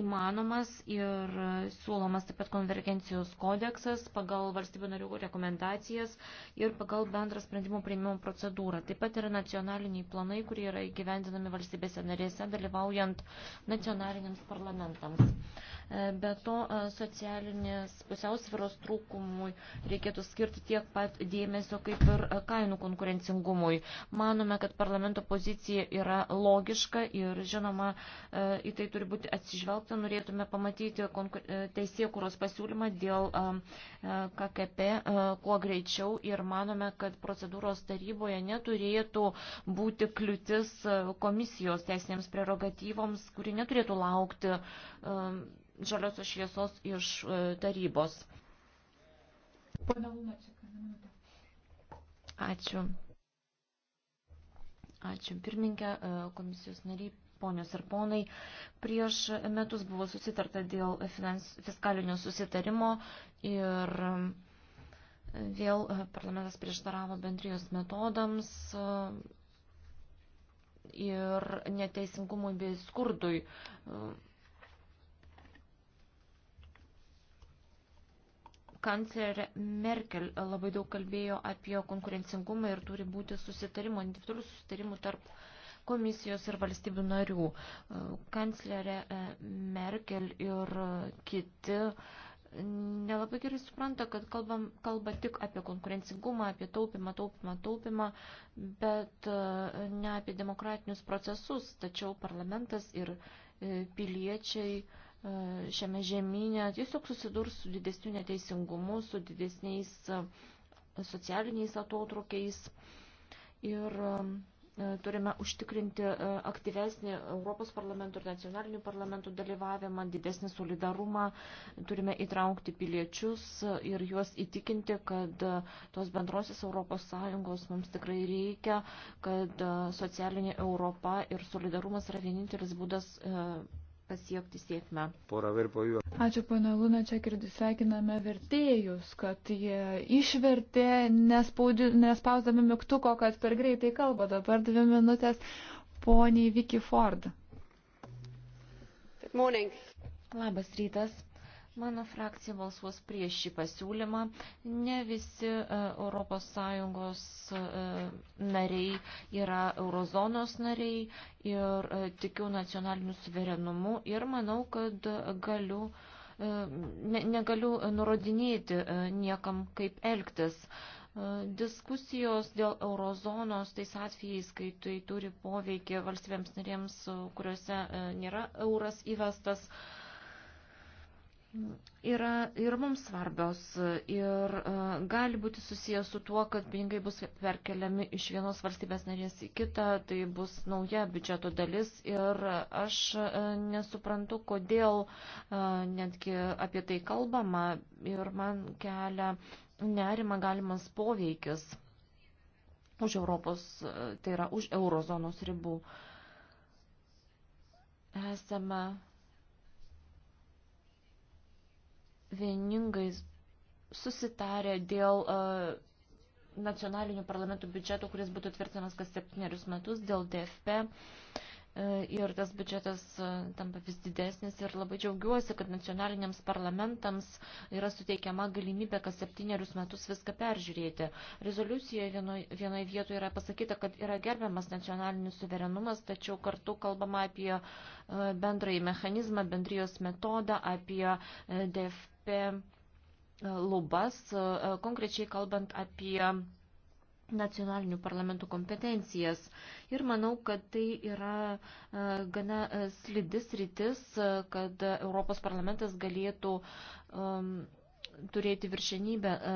įmanomas ir siūlomas taip pat konvergencijos kodeksas pagal valstybių narių rekomendacijas ir pagal bendrą sprendimų prieimimo procedūrą. Taip pat yra nacionaliniai planai, kurie yra įgyvendinami valstybėse narėse, dalyvaujant nacionaliniams parlamentams. E, be to e, socialinės pusiausvėros trūkumui reikėtų skirti tiek pat dėmesio kaip ir e, kainų konkurencingumui. Manome, kad parlamento pozicija yra logiška ir žinoma, į tai turi būti atsižvelgta. Norėtume pamatyti teisėkuros pasiūlymą dėl KKP kuo greičiau ir manome, kad procedūros taryboje neturėtų būti kliūtis komisijos teisinėms prerogatyvoms, kuri neturėtų laukti žaliosios šviesos iš e, tarybos. Pone Lunačik, minutę. Ačiū. Ačiū pirmininkė, e, komisijos nariai, ponios ir ponai. Prieš metus buvo susitarta dėl finans, fiskalinio susitarimo ir e, vėl parlamentas prieštaravo bendrijos metodams ir neteisingumui bei skurdui. Kancerė Merkel labai daug kalbėjo apie konkurencingumą ir turi būti susitarimo, individualių susitarimų tarp komisijos ir valstybių narių. Kanclerė e, Merkel ir kiti nelabai gerai supranta, kad kalbam, kalba tik apie konkurencingumą, apie taupimą, taupimą, taupimą, bet e, ne apie demokratinius procesus. Tačiau parlamentas ir e, piliečiai šiame žemynė tiesiog susidurs su didesniu neteisingumu, su didesniais e, socialiniais atotrukiais ir e, turime užtikrinti e, aktyvesnį Europos parlamentų ir nacionalinių parlamentų dalyvavimą, didesnį solidarumą, turime įtraukti piliečius ir juos įtikinti, kad tos bendrosios Europos Sąjungos mums tikrai reikia, kad socialinė Europa ir solidarumas yra vienintelis būdas pasiekti sėkmę. Ačiū, pana Luna, čia girdį sveikiname vertėjus, kad jie išvertė, nespaudi, nespausdami mygtuko, kad per greitai kalba. Dabar dvi minutės poniai Vicky Ford. Good morning. Labas rytas. Mano frakcija balsuos prieš šį pasiūlymą. Ne visi ES e, nariai yra eurozonos nariai ir e, tikiu nacionaliniu suverenumu ir manau, kad galiu. E, ne, negaliu nurodinėti niekam, kaip elgtis diskusijos dėl eurozonos tais atvejais, kai tai turi poveikį valstybėms narėms, kuriuose nėra euras įvestas, yra ir mums svarbios ir e, gali būti susijęs su tuo, kad pinigai bus perkeliami iš vienos valstybės narės į kitą, tai bus nauja biudžeto dalis ir aš e, nesuprantu, kodėl e, netgi apie tai kalbama ir man kelia nerima galimas poveikis už Europos, tai yra už eurozonos ribų. Esame vieningai susitarė dėl uh, nacionalinių parlamentų biudžetų, kuris būtų tvirtinamas kas septynerius metus dėl DFP. E, ir tas biudžetas e, tampa vis didesnis ir labai džiaugiuosi, kad nacionaliniams parlamentams yra suteikiama galimybė kas septynerius metus viską peržiūrėti. Rezoliucijoje vienoje vienoj vietoje yra pasakyta, kad yra gerbiamas nacionalinis suverenumas, tačiau kartu kalbama apie bendrąjį mechanizmą, bendrijos metodą, apie DFP apie e, lubas, e, e, konkrečiai kalbant apie nacionalinių parlamentų kompetencijas. Ir manau, kad tai yra gana slidis rytis, kad Europos parlamentas galėtų um, turėti viršenybę e,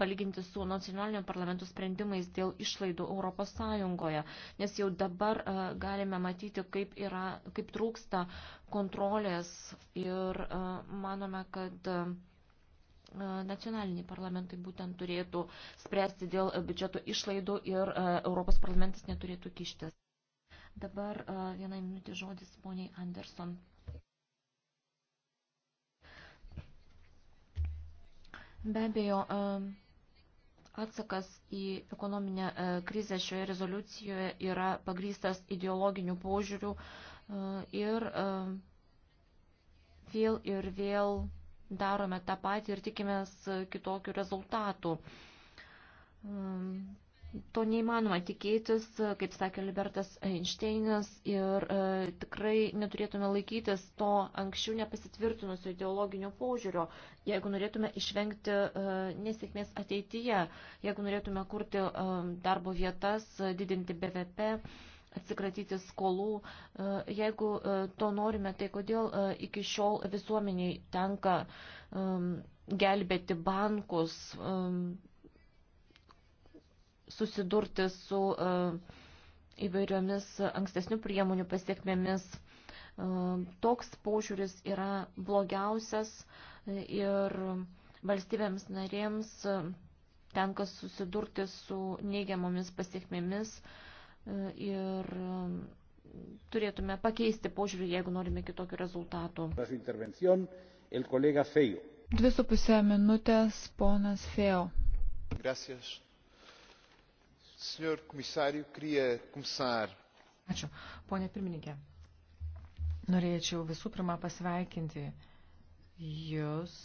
palyginti su nacionalinio parlamentų sprendimais dėl išlaidų Europos Sąjungoje, nes jau dabar e, galime matyti, kaip, yra, kaip trūksta kontrolės ir e, manome, kad nacionaliniai parlamentai būtent turėtų spręsti dėl biudžeto išlaidų ir Europos parlamentas neturėtų kištis. Dabar vieną minutį žodis poniai Anderson. Be abejo, e, atsakas į ekonominę e, krizę šioje rezoliucijoje yra pagrystas ideologinių požiūrių e, ir vėl ir vėl darome tą patį ir tikimės kitokių rezultatų to neįmanoma tikėtis, kaip sakė Libertas Einšteinas, ir e, tikrai neturėtume laikytis to anksčiau nepasitvirtinusio ideologinio požiūrio, jeigu norėtume išvengti e, nesėkmės ateityje, jeigu norėtume kurti e, darbo vietas, didinti BVP atsikratyti skolų. E, jeigu e, to norime, tai kodėl e, iki šiol visuomeniai tenka gelbėti bankus, susidurti su e, įvairiomis ankstesnių priemonių pasiekmėmis. E, toks požiūris yra blogiausias e, ir valstybėms narėms tenka susidurti su neigiamomis pasiekmėmis ir turėtume pakeisti požiūrį, jeigu norime kitokių rezultatų. Dvi su pusė minutės, ponas Fejo. Gracias. Senhor Comissário, queria começar. Ačiū. Pone pirmininkė, norėčiau visų pirma pasveikinti Jūs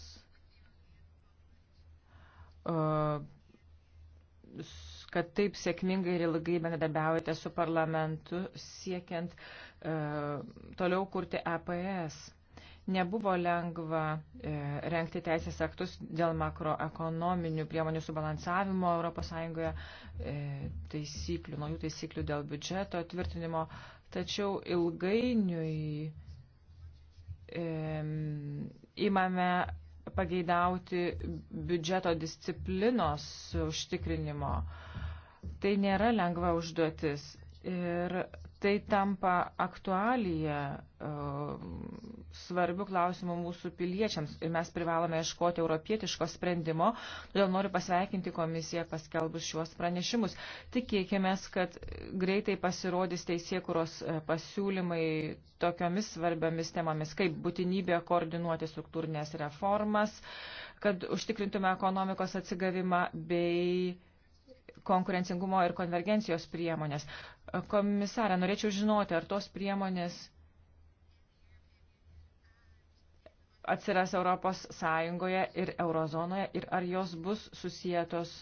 e, kad taip sėkmingai ir ilgai bendradarbiaujate su parlamentu siekiant uh, toliau kurti EPS. Nebuvo lengva e, renkti teisės aktus dėl makroekonominių priemonių subalansavimo ES, e, taisyklių, naujų taisyklių dėl biudžeto tvirtinimo, tačiau ilgainiui e, imame pageidauti biudžeto disciplinos užtikrinimo. Tai nėra lengva užduotis. Ir tai tampa aktualija e, svarbių klausimų mūsų piliečiams ir mes privalome iškoti europietiško sprendimo, todėl noriu pasveikinti komisiją paskelbus šiuos pranešimus. Tikėkime, kad greitai pasirodys teisėkuros e, pasiūlymai tokiomis svarbiamis temomis, kaip būtinybė koordinuoti struktūrinės reformas, kad užtikrintume ekonomikos atsigavimą bei konkurencingumo ir konvergencijos priemonės. Komisarė, norėčiau žinoti, ar tos priemonės atsiras Europos Sąjungoje ir Eurozonoje ir ar jos bus susijėtos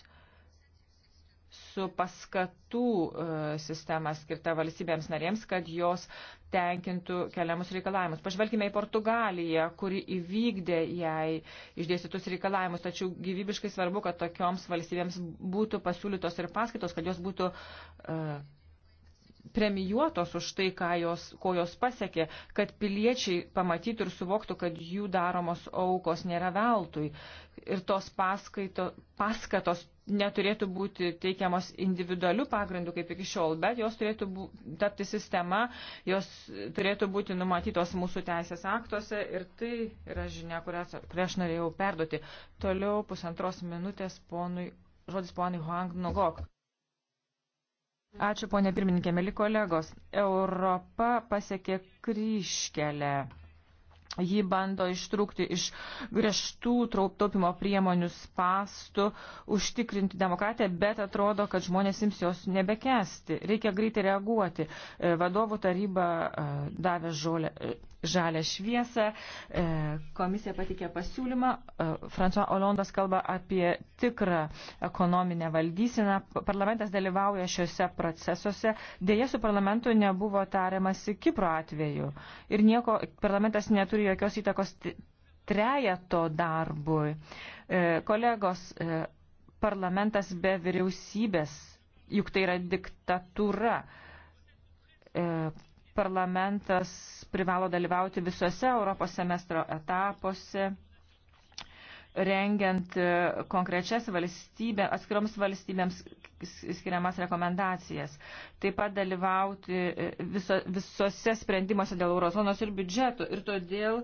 su paskatų e, sistema skirta valstybėms narėms, kad jos tenkintų keliamus reikalavimus. Pažvelkime į Portugaliją, kuri įvykdė jai išdėstytus reikalavimus, tačiau gyvybiškai svarbu, kad tokioms valstybėms būtų pasiūlytos ir paskaitos, kad jos būtų e, premijuotos už tai, jos, ko jos pasiekė, kad piliečiai pamatytų ir suvoktų, kad jų daromos aukos nėra veltui. Ir tos paskaito, paskatos neturėtų būti teikiamos individualių pagrindų kaip iki šiol, bet jos turėtų bū, tapti sistema, jos turėtų būti numatytos mūsų teisės aktuose ir tai yra žinia, kurią aš norėjau perduoti. Toliau pusantros minutės ponui, žodis ponui Huang Nogok. Ačiū, ponė pirmininkė, meli kolegos. Europa pasiekė kryškelę Ji bando ištrūkti iš griežtų taupimo priemonių spastų, užtikrinti demokratiją, bet atrodo, kad žmonės ims jos nebekesti. Reikia greitai reaguoti. E, vadovų taryba e, davė žolę, e, žalę šviesą, e, komisija patikė pasiūlymą, e, François Hollandas kalba apie tikrą ekonominę valdysiną, parlamentas dalyvauja šiuose procesuose, dėja su parlamentu nebuvo tariamasi Kipro atveju ir nieko, parlamentas neturi jokios įtakos trejato darbui. E, kolegos, parlamentas be vyriausybės, juk tai yra diktatūra parlamentas privalo dalyvauti visuose Europos semestro etapuose, rengiant e, konkrečias valstybė, atskiroms valstybėms skiriamas rekomendacijas. Taip pat dalyvauti e, viso, visose sprendimuose dėl eurozonos ir biudžeto. Ir todėl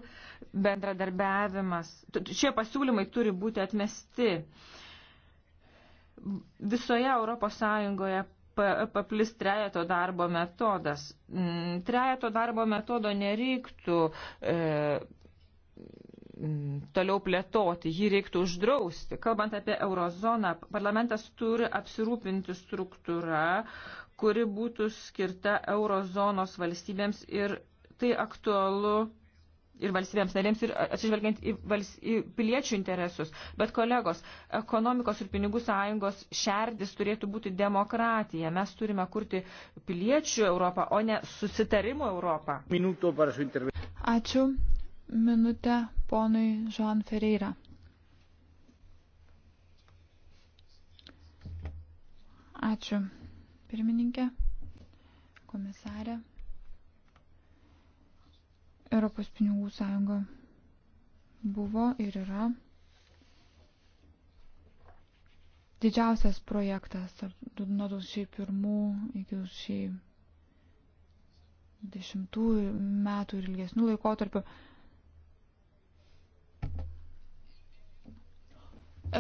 bendradarbiavimas, šie pasiūlymai turi būti atmesti. Visoje Europos Sąjungoje paplis trejato darbo metodas. Mm, trejato darbo metodo nereiktų e, mm, toliau plėtoti, jį reiktų uždrausti. Kalbant apie eurozoną, parlamentas turi apsirūpinti struktūrą, kuri būtų skirta eurozonos valstybėms ir tai aktualu ir valstybėms narėms ir atsižvelgiant į, vals, į piliečių interesus. Bet kolegos, ekonomikos ir pinigų sąjungos šerdis turėtų būti demokratija. Mes turime kurti piliečių Europą, o ne susitarimo Europą. Ačiū. Minutę ponui Joan Ferreira. Ačiū. Pirmininkė, komisarė. Europos pinigų sąjunga buvo ir yra didžiausias projektas nuo 2001 iki 2010 metų ir ilgesnių laikotarpių.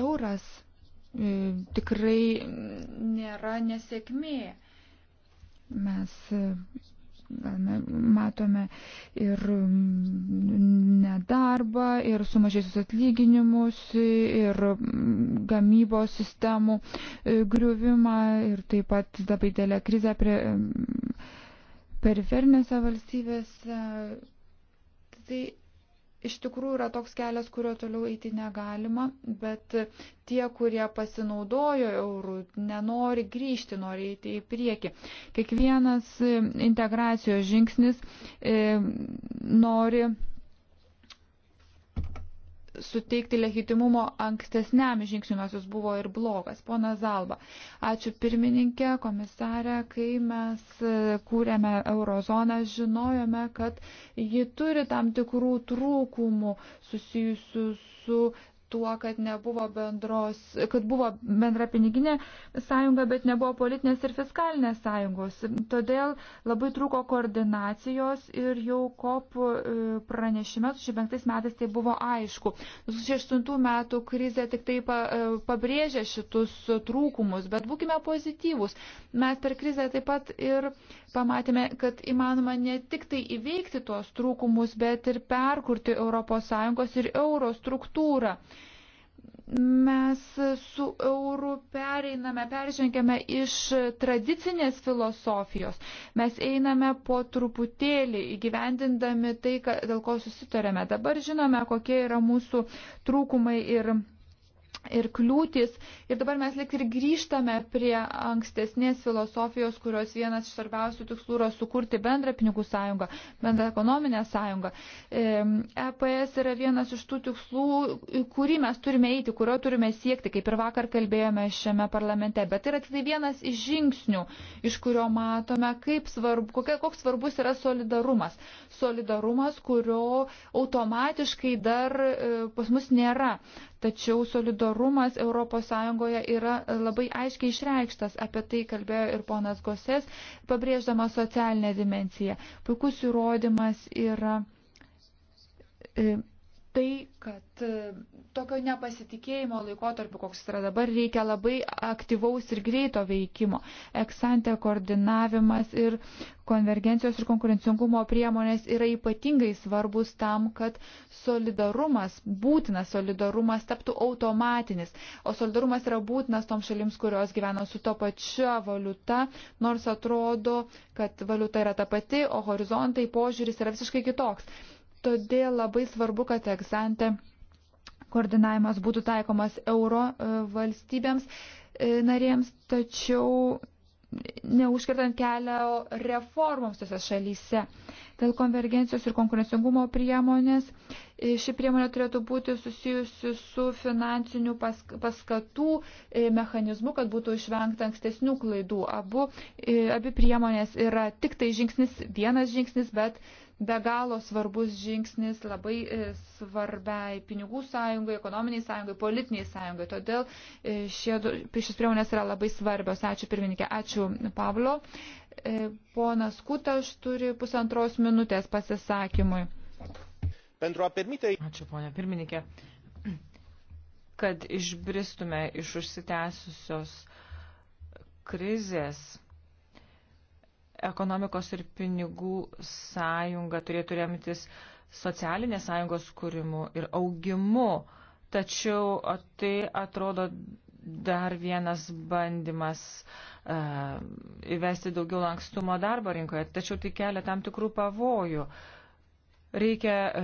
Euras e, tikrai nėra nesėkmė. Mes e, matome ir mm, nedarbą, ir sumažėjusius atlyginimus, ir mm, gamybos sistemų e, griuvimą, ir taip pat labai dėlė krizę prie mm, periferinėse valstybėse. Tai iš tikrųjų yra toks kelias, kurio toliau eiti negalima, bet tie, kurie pasinaudojo eurų, nenori grįžti, nori eiti į priekį. Kiekvienas integracijos žingsnis e, nori suteikti legitimumo ankstesniam žingsniui, nors jis buvo ir blogas. Pona Zalba, ačiū pirmininkė, komisarė, kai mes e, kūrėme eurozoną, žinojome, kad ji turi tam tikrų trūkumų susijusių su tuo, kad, nebuvo bendros, kad buvo bendra piniginė sąjunga, bet nebuvo politinės ir fiskalinės sąjungos. Todėl labai trūko koordinacijos ir jau COP e, pranešime 2005 metais tai buvo aišku. 2008 metų krizė tik tai e, pabrėžė šitus trūkumus, bet būkime pozityvūs. Mes per krizę taip pat ir pamatėme, kad įmanoma ne tik tai įveikti tuos trūkumus, bet ir perkurti ES ir euro struktūrą mes su eurų pereiname, peržengiame iš tradicinės filosofijos. Mes einame po truputėlį įgyvendindami tai, dėl ko susitarėme. Dabar žinome, kokie yra mūsų trūkumai ir ir kliūtis. Ir dabar mes lik ir grįžtame prie ankstesnės filosofijos, kurios vienas iš svarbiausių tikslų yra sukurti bendrą pinigų sąjungą, bendrą ekonominę sąjungą. EPS e yra vienas iš tų tikslų, kurį mes turime eiti, kurio turime siekti, kaip ir vakar kalbėjome šiame parlamente. Bet tai yra tik tai vienas iš žingsnių, iš kurio matome, kaip svarbu, kokia, koks svarbus yra solidarumas. Solidarumas, kurio automatiškai dar e, pas mus nėra. Tačiau solidarumas ES yra e, labai aiškiai išreikštas, apie tai kalbėjo ir ponas Goses, pabrėždama socialinę dimenciją. Puikus įrodymas yra. E, tai, kad e, tokio nepasitikėjimo laikotarpiu, koks yra dabar, reikia labai aktyvaus ir greito veikimo. Eksante koordinavimas ir konvergencijos ir konkurencingumo priemonės yra ypatingai svarbus tam, kad solidarumas, būtinas solidarumas taptų automatinis. O solidarumas yra būtinas toms šalims, kurios gyvena su to pačia valiuta, nors atrodo, kad valiuta yra ta pati, o horizontai požiūris yra visiškai kitoks. Todėl labai svarbu, kad egzante koordinavimas būtų taikomas euro e, valstybėms e, narėms, tačiau neužkirtant kelio reformoms tose šalyse. Dėl konvergencijos ir konkurencingumo priemonės e, ši priemonė turėtų būti susijusi su finansinių paskatų mechanizmu, kad būtų išvengta ankstesnių klaidų. Abu, abi priemonės yra tik tai žingsnis, vienas žingsnis, bet be galo svarbus žingsnis labai e, svarbiai pinigų sąjungai, ekonominiai sąjungai, politiniai sąjungai. Todėl e, šie, šis priemonės yra labai svarbios. Ačiū pirmininkė, ačiū Pablo. E, ponas Kutaš turi pusantros minutės pasisakymui. Ačiū, ponė pirmininkė. Kad išbristume iš užsitęsusios krizės ekonomikos ir pinigų sąjunga turėtų remtis socialinės sąjungos kūrimu ir augimu. Tačiau tai atrodo dar vienas bandymas uh, įvesti daugiau lankstumo darbo rinkoje. Tačiau tai kelia tam tikrų pavojų. Uh, Reikia e,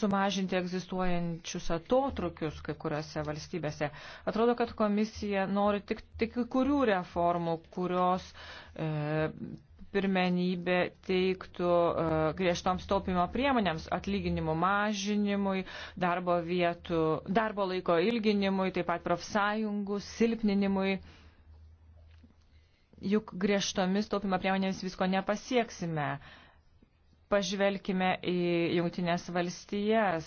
sumažinti egzistuojančius atotrukius kai kuriuose valstybėse. Atrodo, kad komisija nori tik, tik kurių reformų, kurios e, pirmenybė teiktų e, griežtoms taupimo priemonėms, atlyginimų mažinimui, darbo, vietų, darbo laiko ilginimui, taip pat profsąjungų silpninimui. Juk griežtomis taupimo priemonėmis visko nepasieksime. E, Pažvelkime į Jungtinės valstijas,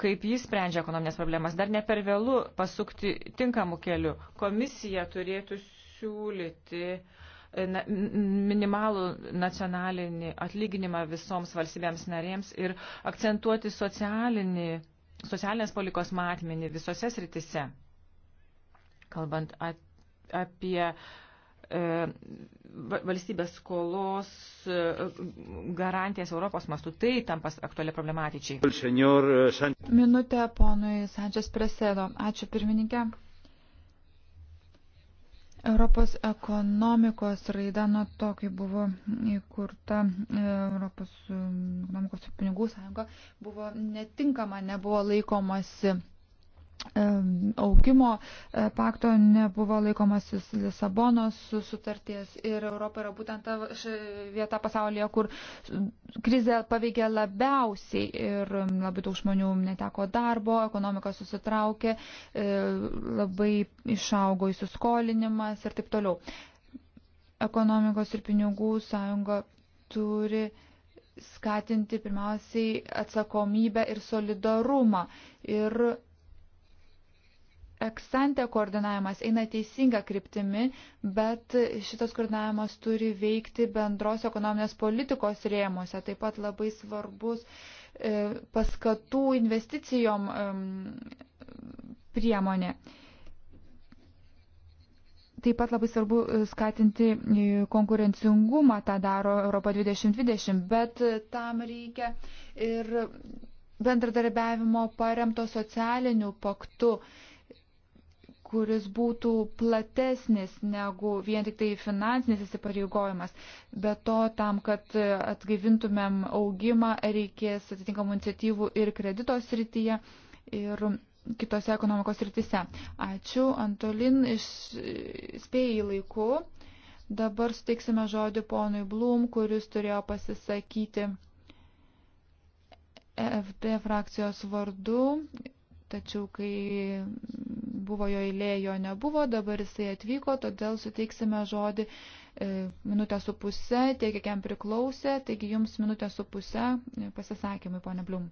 kaip jis sprendžia ekonominės problemas. Dar ne per vėlų pasukti tinkamų kelių. Komisija turėtų siūlyti e, na, minimalų nacionalinį atlyginimą visoms valstybėms narėms ir akcentuoti socialinį, socialinės politikos matmenį visose sritise. Kalbant at, apie E, valstybės skolos e, garantijas Europos mastu. Tai tampas aktualia problema ateičiai. E, Minutė ponui Sančias Presėdo. Ačiū pirmininkė. Europos ekonomikos raida nuo to, kai buvo įkurta Europos ekonomikos pinigų sąjunga, buvo netinkama, nebuvo laikomasi augimo e, pakto nebuvo laikomasis Lisabonos sutarties ir Europa yra būtent ta vieta pasaulyje, kur krizė paveikė labiausiai ir labai daug žmonių neteko darbo, ekonomika susitraukė, e, labai išaugo įsiskolinimas ir taip toliau. Ekonomikos ir pinigų sąjunga turi skatinti pirmiausiai atsakomybę ir solidarumą ir eksante koordinavimas eina teisinga kryptimi, bet šitas koordinavimas turi veikti bendros ekonominės politikos rėmose. Taip pat labai svarbus e, paskatų investicijom priemonė. Taip pat labai svarbu e, skatinti e, konkurencingumą, tą daro Europa 2020, bet tam reikia ir bendradarbiavimo paremto socialiniu paktu kuris būtų platesnis negu vien tik tai finansinis įsipareigojimas. Be to, tam, kad atgaivintumėm augimą, reikės atitinkamų iniciatyvų ir kredito srityje. Ir kitose ekonomikos rytise. Ačiū, Antolin, spėjai laiku. Dabar suteiksime žodį ponui Blum, kuris turėjo pasisakyti EFD frakcijos vardu, tačiau kai buvo jo eilė, jo nebuvo, dabar jisai atvyko, todėl suteiksime žodį e, minutę su pusę, tiek kiek jam priklausė, taigi jums minutę su pusę e, pasisakymai, ponė Blum.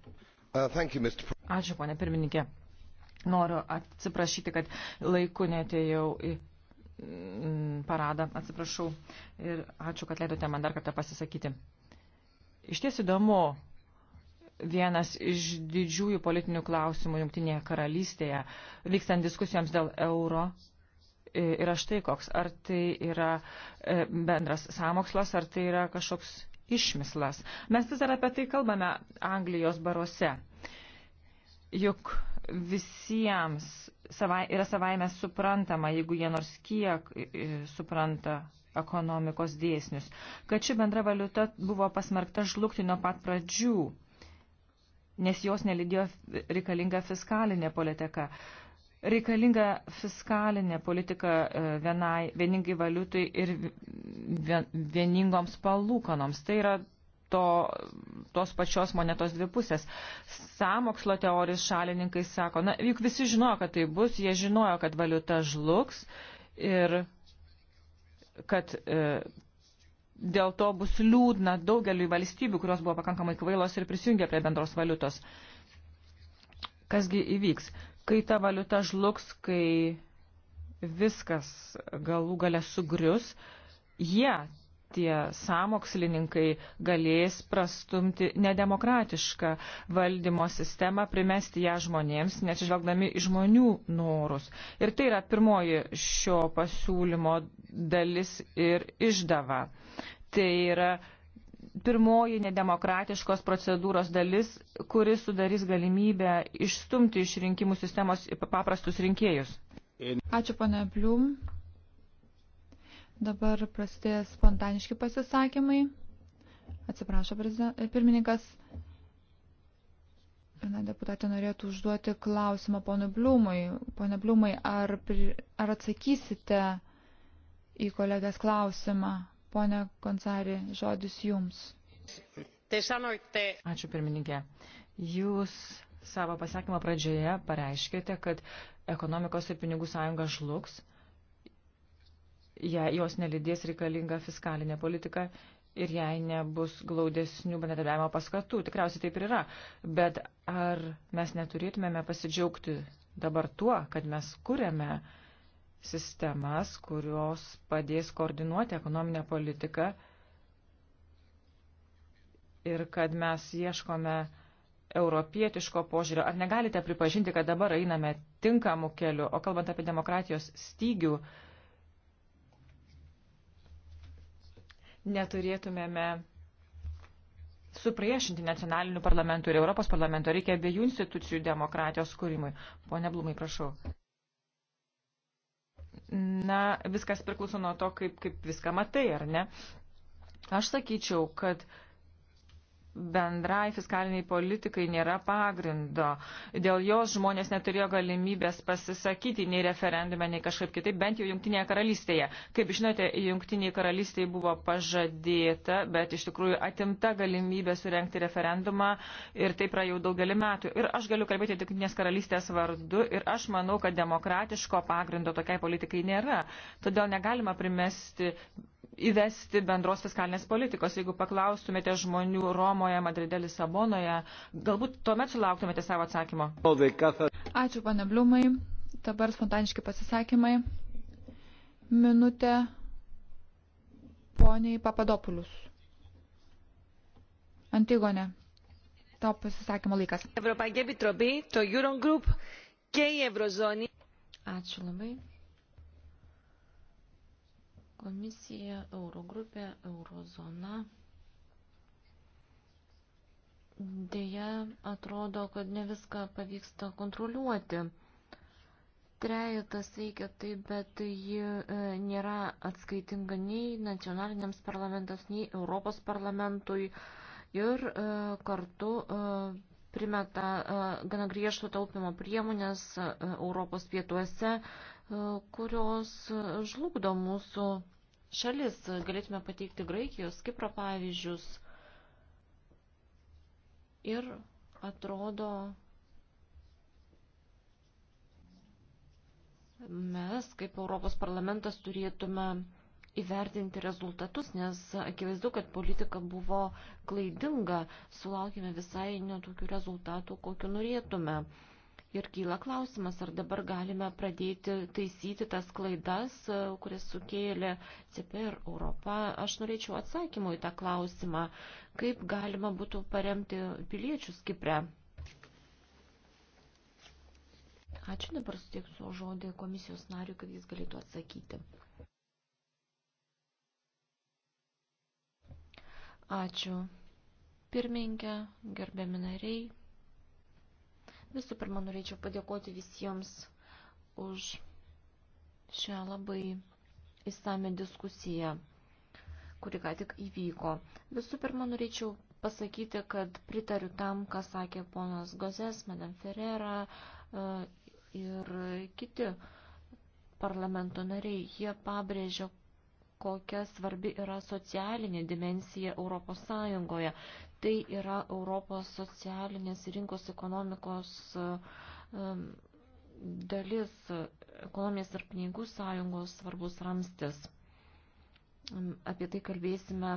Uh, you, Ačiū, ponė pirmininkė. Noriu atsiprašyti, kad laiku netėjau į mm, paradą, atsiprašau. Ir ačiū, kad leidote man dar kartą pasisakyti. Iš ties įdomu, vienas iš didžiųjų politinių klausimų Junktinėje karalystėje, vykstant diskusijoms dėl euro. E, yra štai koks, ar tai yra e, bendras samokslas, ar tai yra kažkoks išmislas. Mes vis dar apie tai kalbame Anglijos baruose. Juk visiems savai, yra savaime suprantama, jeigu jie nors kiek e, supranta ekonomikos dėsnius, kad ši bendra valiuta buvo pasmerkta žlugti nuo pat pradžių nes jos nelidėjo reikalinga fiskalinė politika. Reikalinga fiskalinė politika e, vienai, vieningai valiutai ir vien, vieningoms palūkanoms. Tai yra to, tos pačios monetos dvi pusės. Samokslo teorijos šalininkai sako, na, juk visi žinojo, kad tai bus, jie žinojo, kad valiuta žlugs ir kad e, dėl to bus liūdna daugeliui valstybių, kurios buvo pakankamai kvailos ir prisijungė prie bendros valiutos. Kasgi įvyks? Kai ta valiuta žlugs, kai viskas galų gale sugrius, jie, tie samokslininkai galės prastumti nedemokratišką valdymo sistemą, primesti ją žmonėms, neatsižvelgdami į žmonių norus. Ir tai yra pirmoji šio pasiūlymo dalis ir išdava. Tai yra pirmoji nedemokratiškos procedūros dalis, kuris sudarys galimybę išstumti iš rinkimų sistemos paprastus rinkėjus. Ačiū, pane Blium. Dabar prasidės spontaniški pasisakymai. Atsiprašo e, pirmininkas. Viena deputatė norėtų užduoti klausimą ponui Bliumui. Pone Bliumai, ar, ar atsakysite į kolegės klausimą? Pone Koncari, žodis jums. Ačiū pirmininkė. Jūs savo pasakymo pradžioje pareiškėte, kad ekonomikos ir pinigų sąjunga žlugs jei jos nelidės reikalinga fiskalinė politika ir jei nebus glaudesnių bendradarbiavimo paskatų. Tikriausiai taip ir yra. Bet ar mes neturėtumėme pasidžiaugti dabar tuo, kad mes kuriame sistemas, kurios padės koordinuoti ekonominę politiką ir kad mes ieškome europietiško požiūrio. Ar negalite pripažinti, kad dabar einame tinkamu keliu, o kalbant apie demokratijos stygių, uh, neturėtumėme supriešinti nacionalinių parlamentų ir Europos parlamento. Reikia abiejų institucijų demokratijos kūrimui. Pone Blumai, prašau. Na, viskas priklauso nuo to, kaip, kaip viską matai, ar ne? Aš sakyčiau, kad uh, bendrai fiskaliniai politikai nėra pagrindo. Dėl jos žmonės neturėjo galimybės pasisakyti nei referendume, nei kažkaip kitaip, bent jau Junktinėje karalystėje. Kaip žinote, Junktinėje karalystėje buvo pažadėta, bet iš tikrųjų atimta galimybė surenkti referendumą ir taip yra jau daugelį metų. Ir aš galiu kalbėti tik Junktinės karalystės vardu ir aš manau, kad demokratiško pagrindo tokiai politikai nėra. Todėl negalima primesti įvesti bendros fiskalinės politikos. Jeigu paklaustumėte žmonių Romoje, Madride, Lisabonoje, galbūt tuomet sulauktumėte savo atsakymo. Ačiū, pane Bliumai. Dabar spontaniški pasisakymai. Minutė poniai Papadopulius. Antigonė, tau pasisakymo laikas. Ačiū labai. Komisija, Eurogrupė, Eurozona. Deja, atrodo, kad ne viską pavyksta kontroliuoti. Trejetas veikia taip, bet ji e, nėra atskaitinga nei nacionaliniams parlamentams, nei Europos parlamentui ir e, kartu e, primeta gana griežto taupimo priemonės Europos pietuose, kurios e, žlugdo mūsų šalis. Galėtume pateikti Graikijos, Kipro pavyzdžius. Ir atrodo, mes kaip Europos parlamentas turėtume įvertinti rezultatus, nes akivaizdu, kad politika buvo klaidinga, sulaukime visai netokių rezultatų, kokiu norėtume. Ir kyla klausimas, ar dabar galime pradėti taisyti tas klaidas, e, kurias sukėlė CP ir Europa. Aš norėčiau atsakymų į tą klausimą, kaip galima būtų paremti piliečius Kipre. Ačiū dabar suteiksiu žodį komisijos nariu, kad jis galėtų atsakyti. Ačiū. Pirmininkė, gerbiami nariai, Visų pirma, norėčiau padėkoti visiems už šią labai įsame diskusiją, kuri ką tik įvyko. Visų pirma, norėčiau pasakyti, kad pritariu tam, ką sakė ponas Gozes, Madame Ferrera e, ir kiti parlamento nariai. Jie pabrėžia, kokia svarbi yra socialinė dimensija Europos Sąjungoje tai yra Europos socialinės rinkos ekonomikos um, dalis, ekonomijos ir pinigų sąjungos svarbus ramstis. Um, apie tai kalbėsime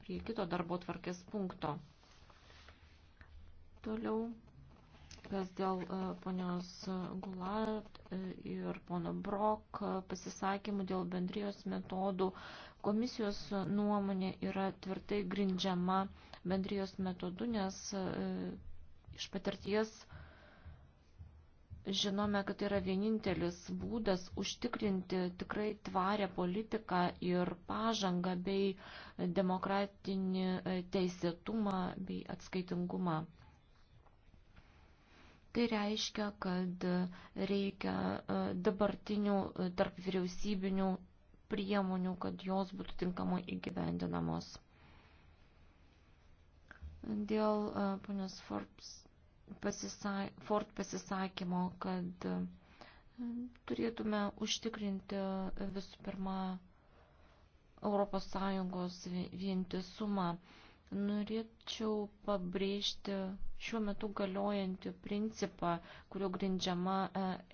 prie kito darbo tvarkės punkto. Toliau, kas dėl uh, ponios Gulat uh, ir pono Brok uh, pasisakymų dėl bendrijos metodų, komisijos nuomonė yra tvirtai grindžiama bendrijos metodu, nes e, iš patirties žinome, kad tai yra vienintelis būdas užtikrinti tikrai tvarę politiką ir pažangą bei demokratinį e, teisėtumą bei atskaitingumą. Tai reiškia, kad reikia e, dabartinių tarp vyriausybinių priemonių, kad jos būtų tinkamai įgyvendinamos dėl e, ponios pasisa, Ford pasisakymo, kad e, turėtume užtikrinti e, visų pirma ES vientisumą. Norėčiau pabrėžti šiuo metu galiojantį principą, kurio grindžiama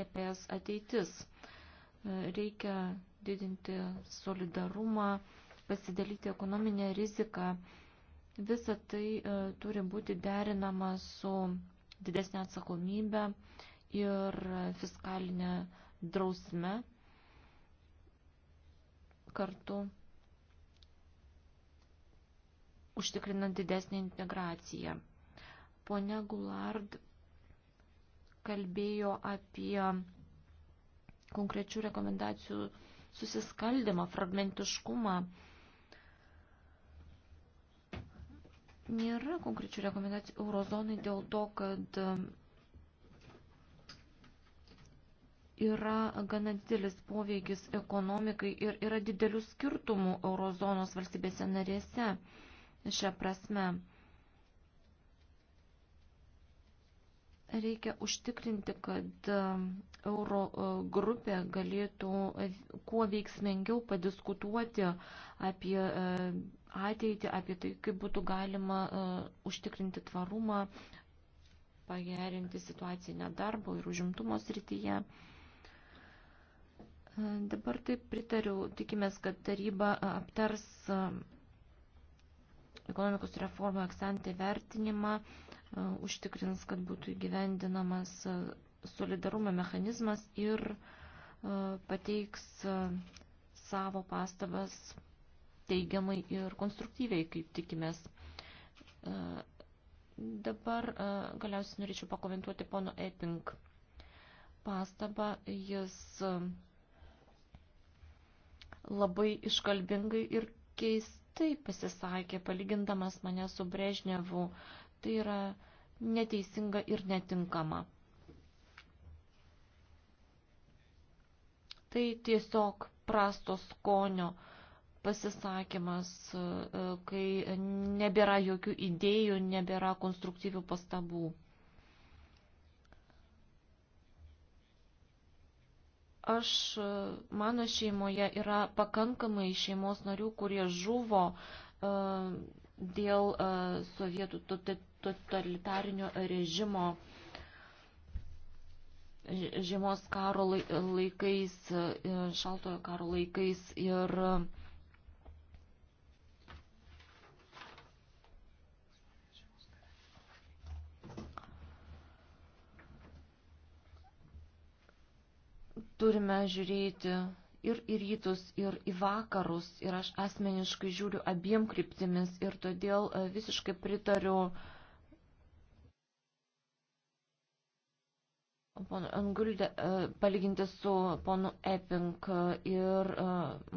EPS ateitis. Reikia didinti solidarumą, pasidalyti ekonominę riziką Visa tai e, turi būti derinama su didesnė atsakomybė ir fiskalinė drausme kartu užtikrinant didesnį integraciją. Pone Gulard kalbėjo apie konkrečių rekomendacijų susiskaldimą, fragmentiškumą, Nėra konkrečių rekomendacijų eurozonai dėl to, kad um, yra gana didelis poveikis ekonomikai ir yra didelių skirtumų eurozonos valstybėse narėse šią prasme. Reikia užtikrinti, kad um, euro uh, grupė galėtų uh, kuo veiksmengiau padiskutuoti apie uh, ateitį, apie tai, kaip būtų galima uh, užtikrinti tvarumą, pagerinti situaciją nedarbo ir užimtumo srityje. Uh, dabar taip pritariu, tikimės, kad taryba uh, aptars uh, ekonomikos reformų eksantį vertinimą, uh, užtikrins, kad būtų įgyvendinamas uh, solidarumo mechanizmas ir uh, pateiks uh, savo pastabas teigiamai ir konstruktyviai, kaip tikimės. E, dabar e, galiausiai norėčiau pakomentuoti pono Epping pastabą. Jis e, labai iškalbingai ir keistai pasisakė, palygindamas mane su Brežnevu. Tai yra neteisinga ir netinkama. Tai tiesiog prasto skonio uh, pasisakymas, e, e, kai nebėra jokių idėjų, nebėra konstruktyvių pastabų. Aš, e, mano šeimoje yra pakankamai šeimos narių, kurie žuvo dėl sovietų totalitarinio režimo žiemos karo laikais, šaltojo karo laikais ir turime žiūrėti ir į rytus, ir į vakarus. Ir aš asmeniškai žiūriu abiem kryptimis ir todėl e, visiškai pritariu ponu Anguldė e, palyginti su ponu Epping. Ir e,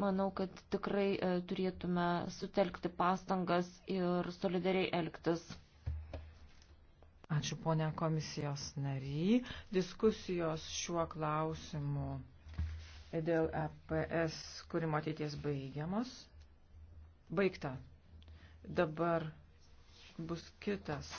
manau, kad tikrai turėtume sutelkti pastangas ir solidariai elgtis. Ačiū ponia komisijos nary. Diskusijos šiuo klausimu dėl EPS kūrimo ateities baigiamos. Baigta. Dabar bus kitas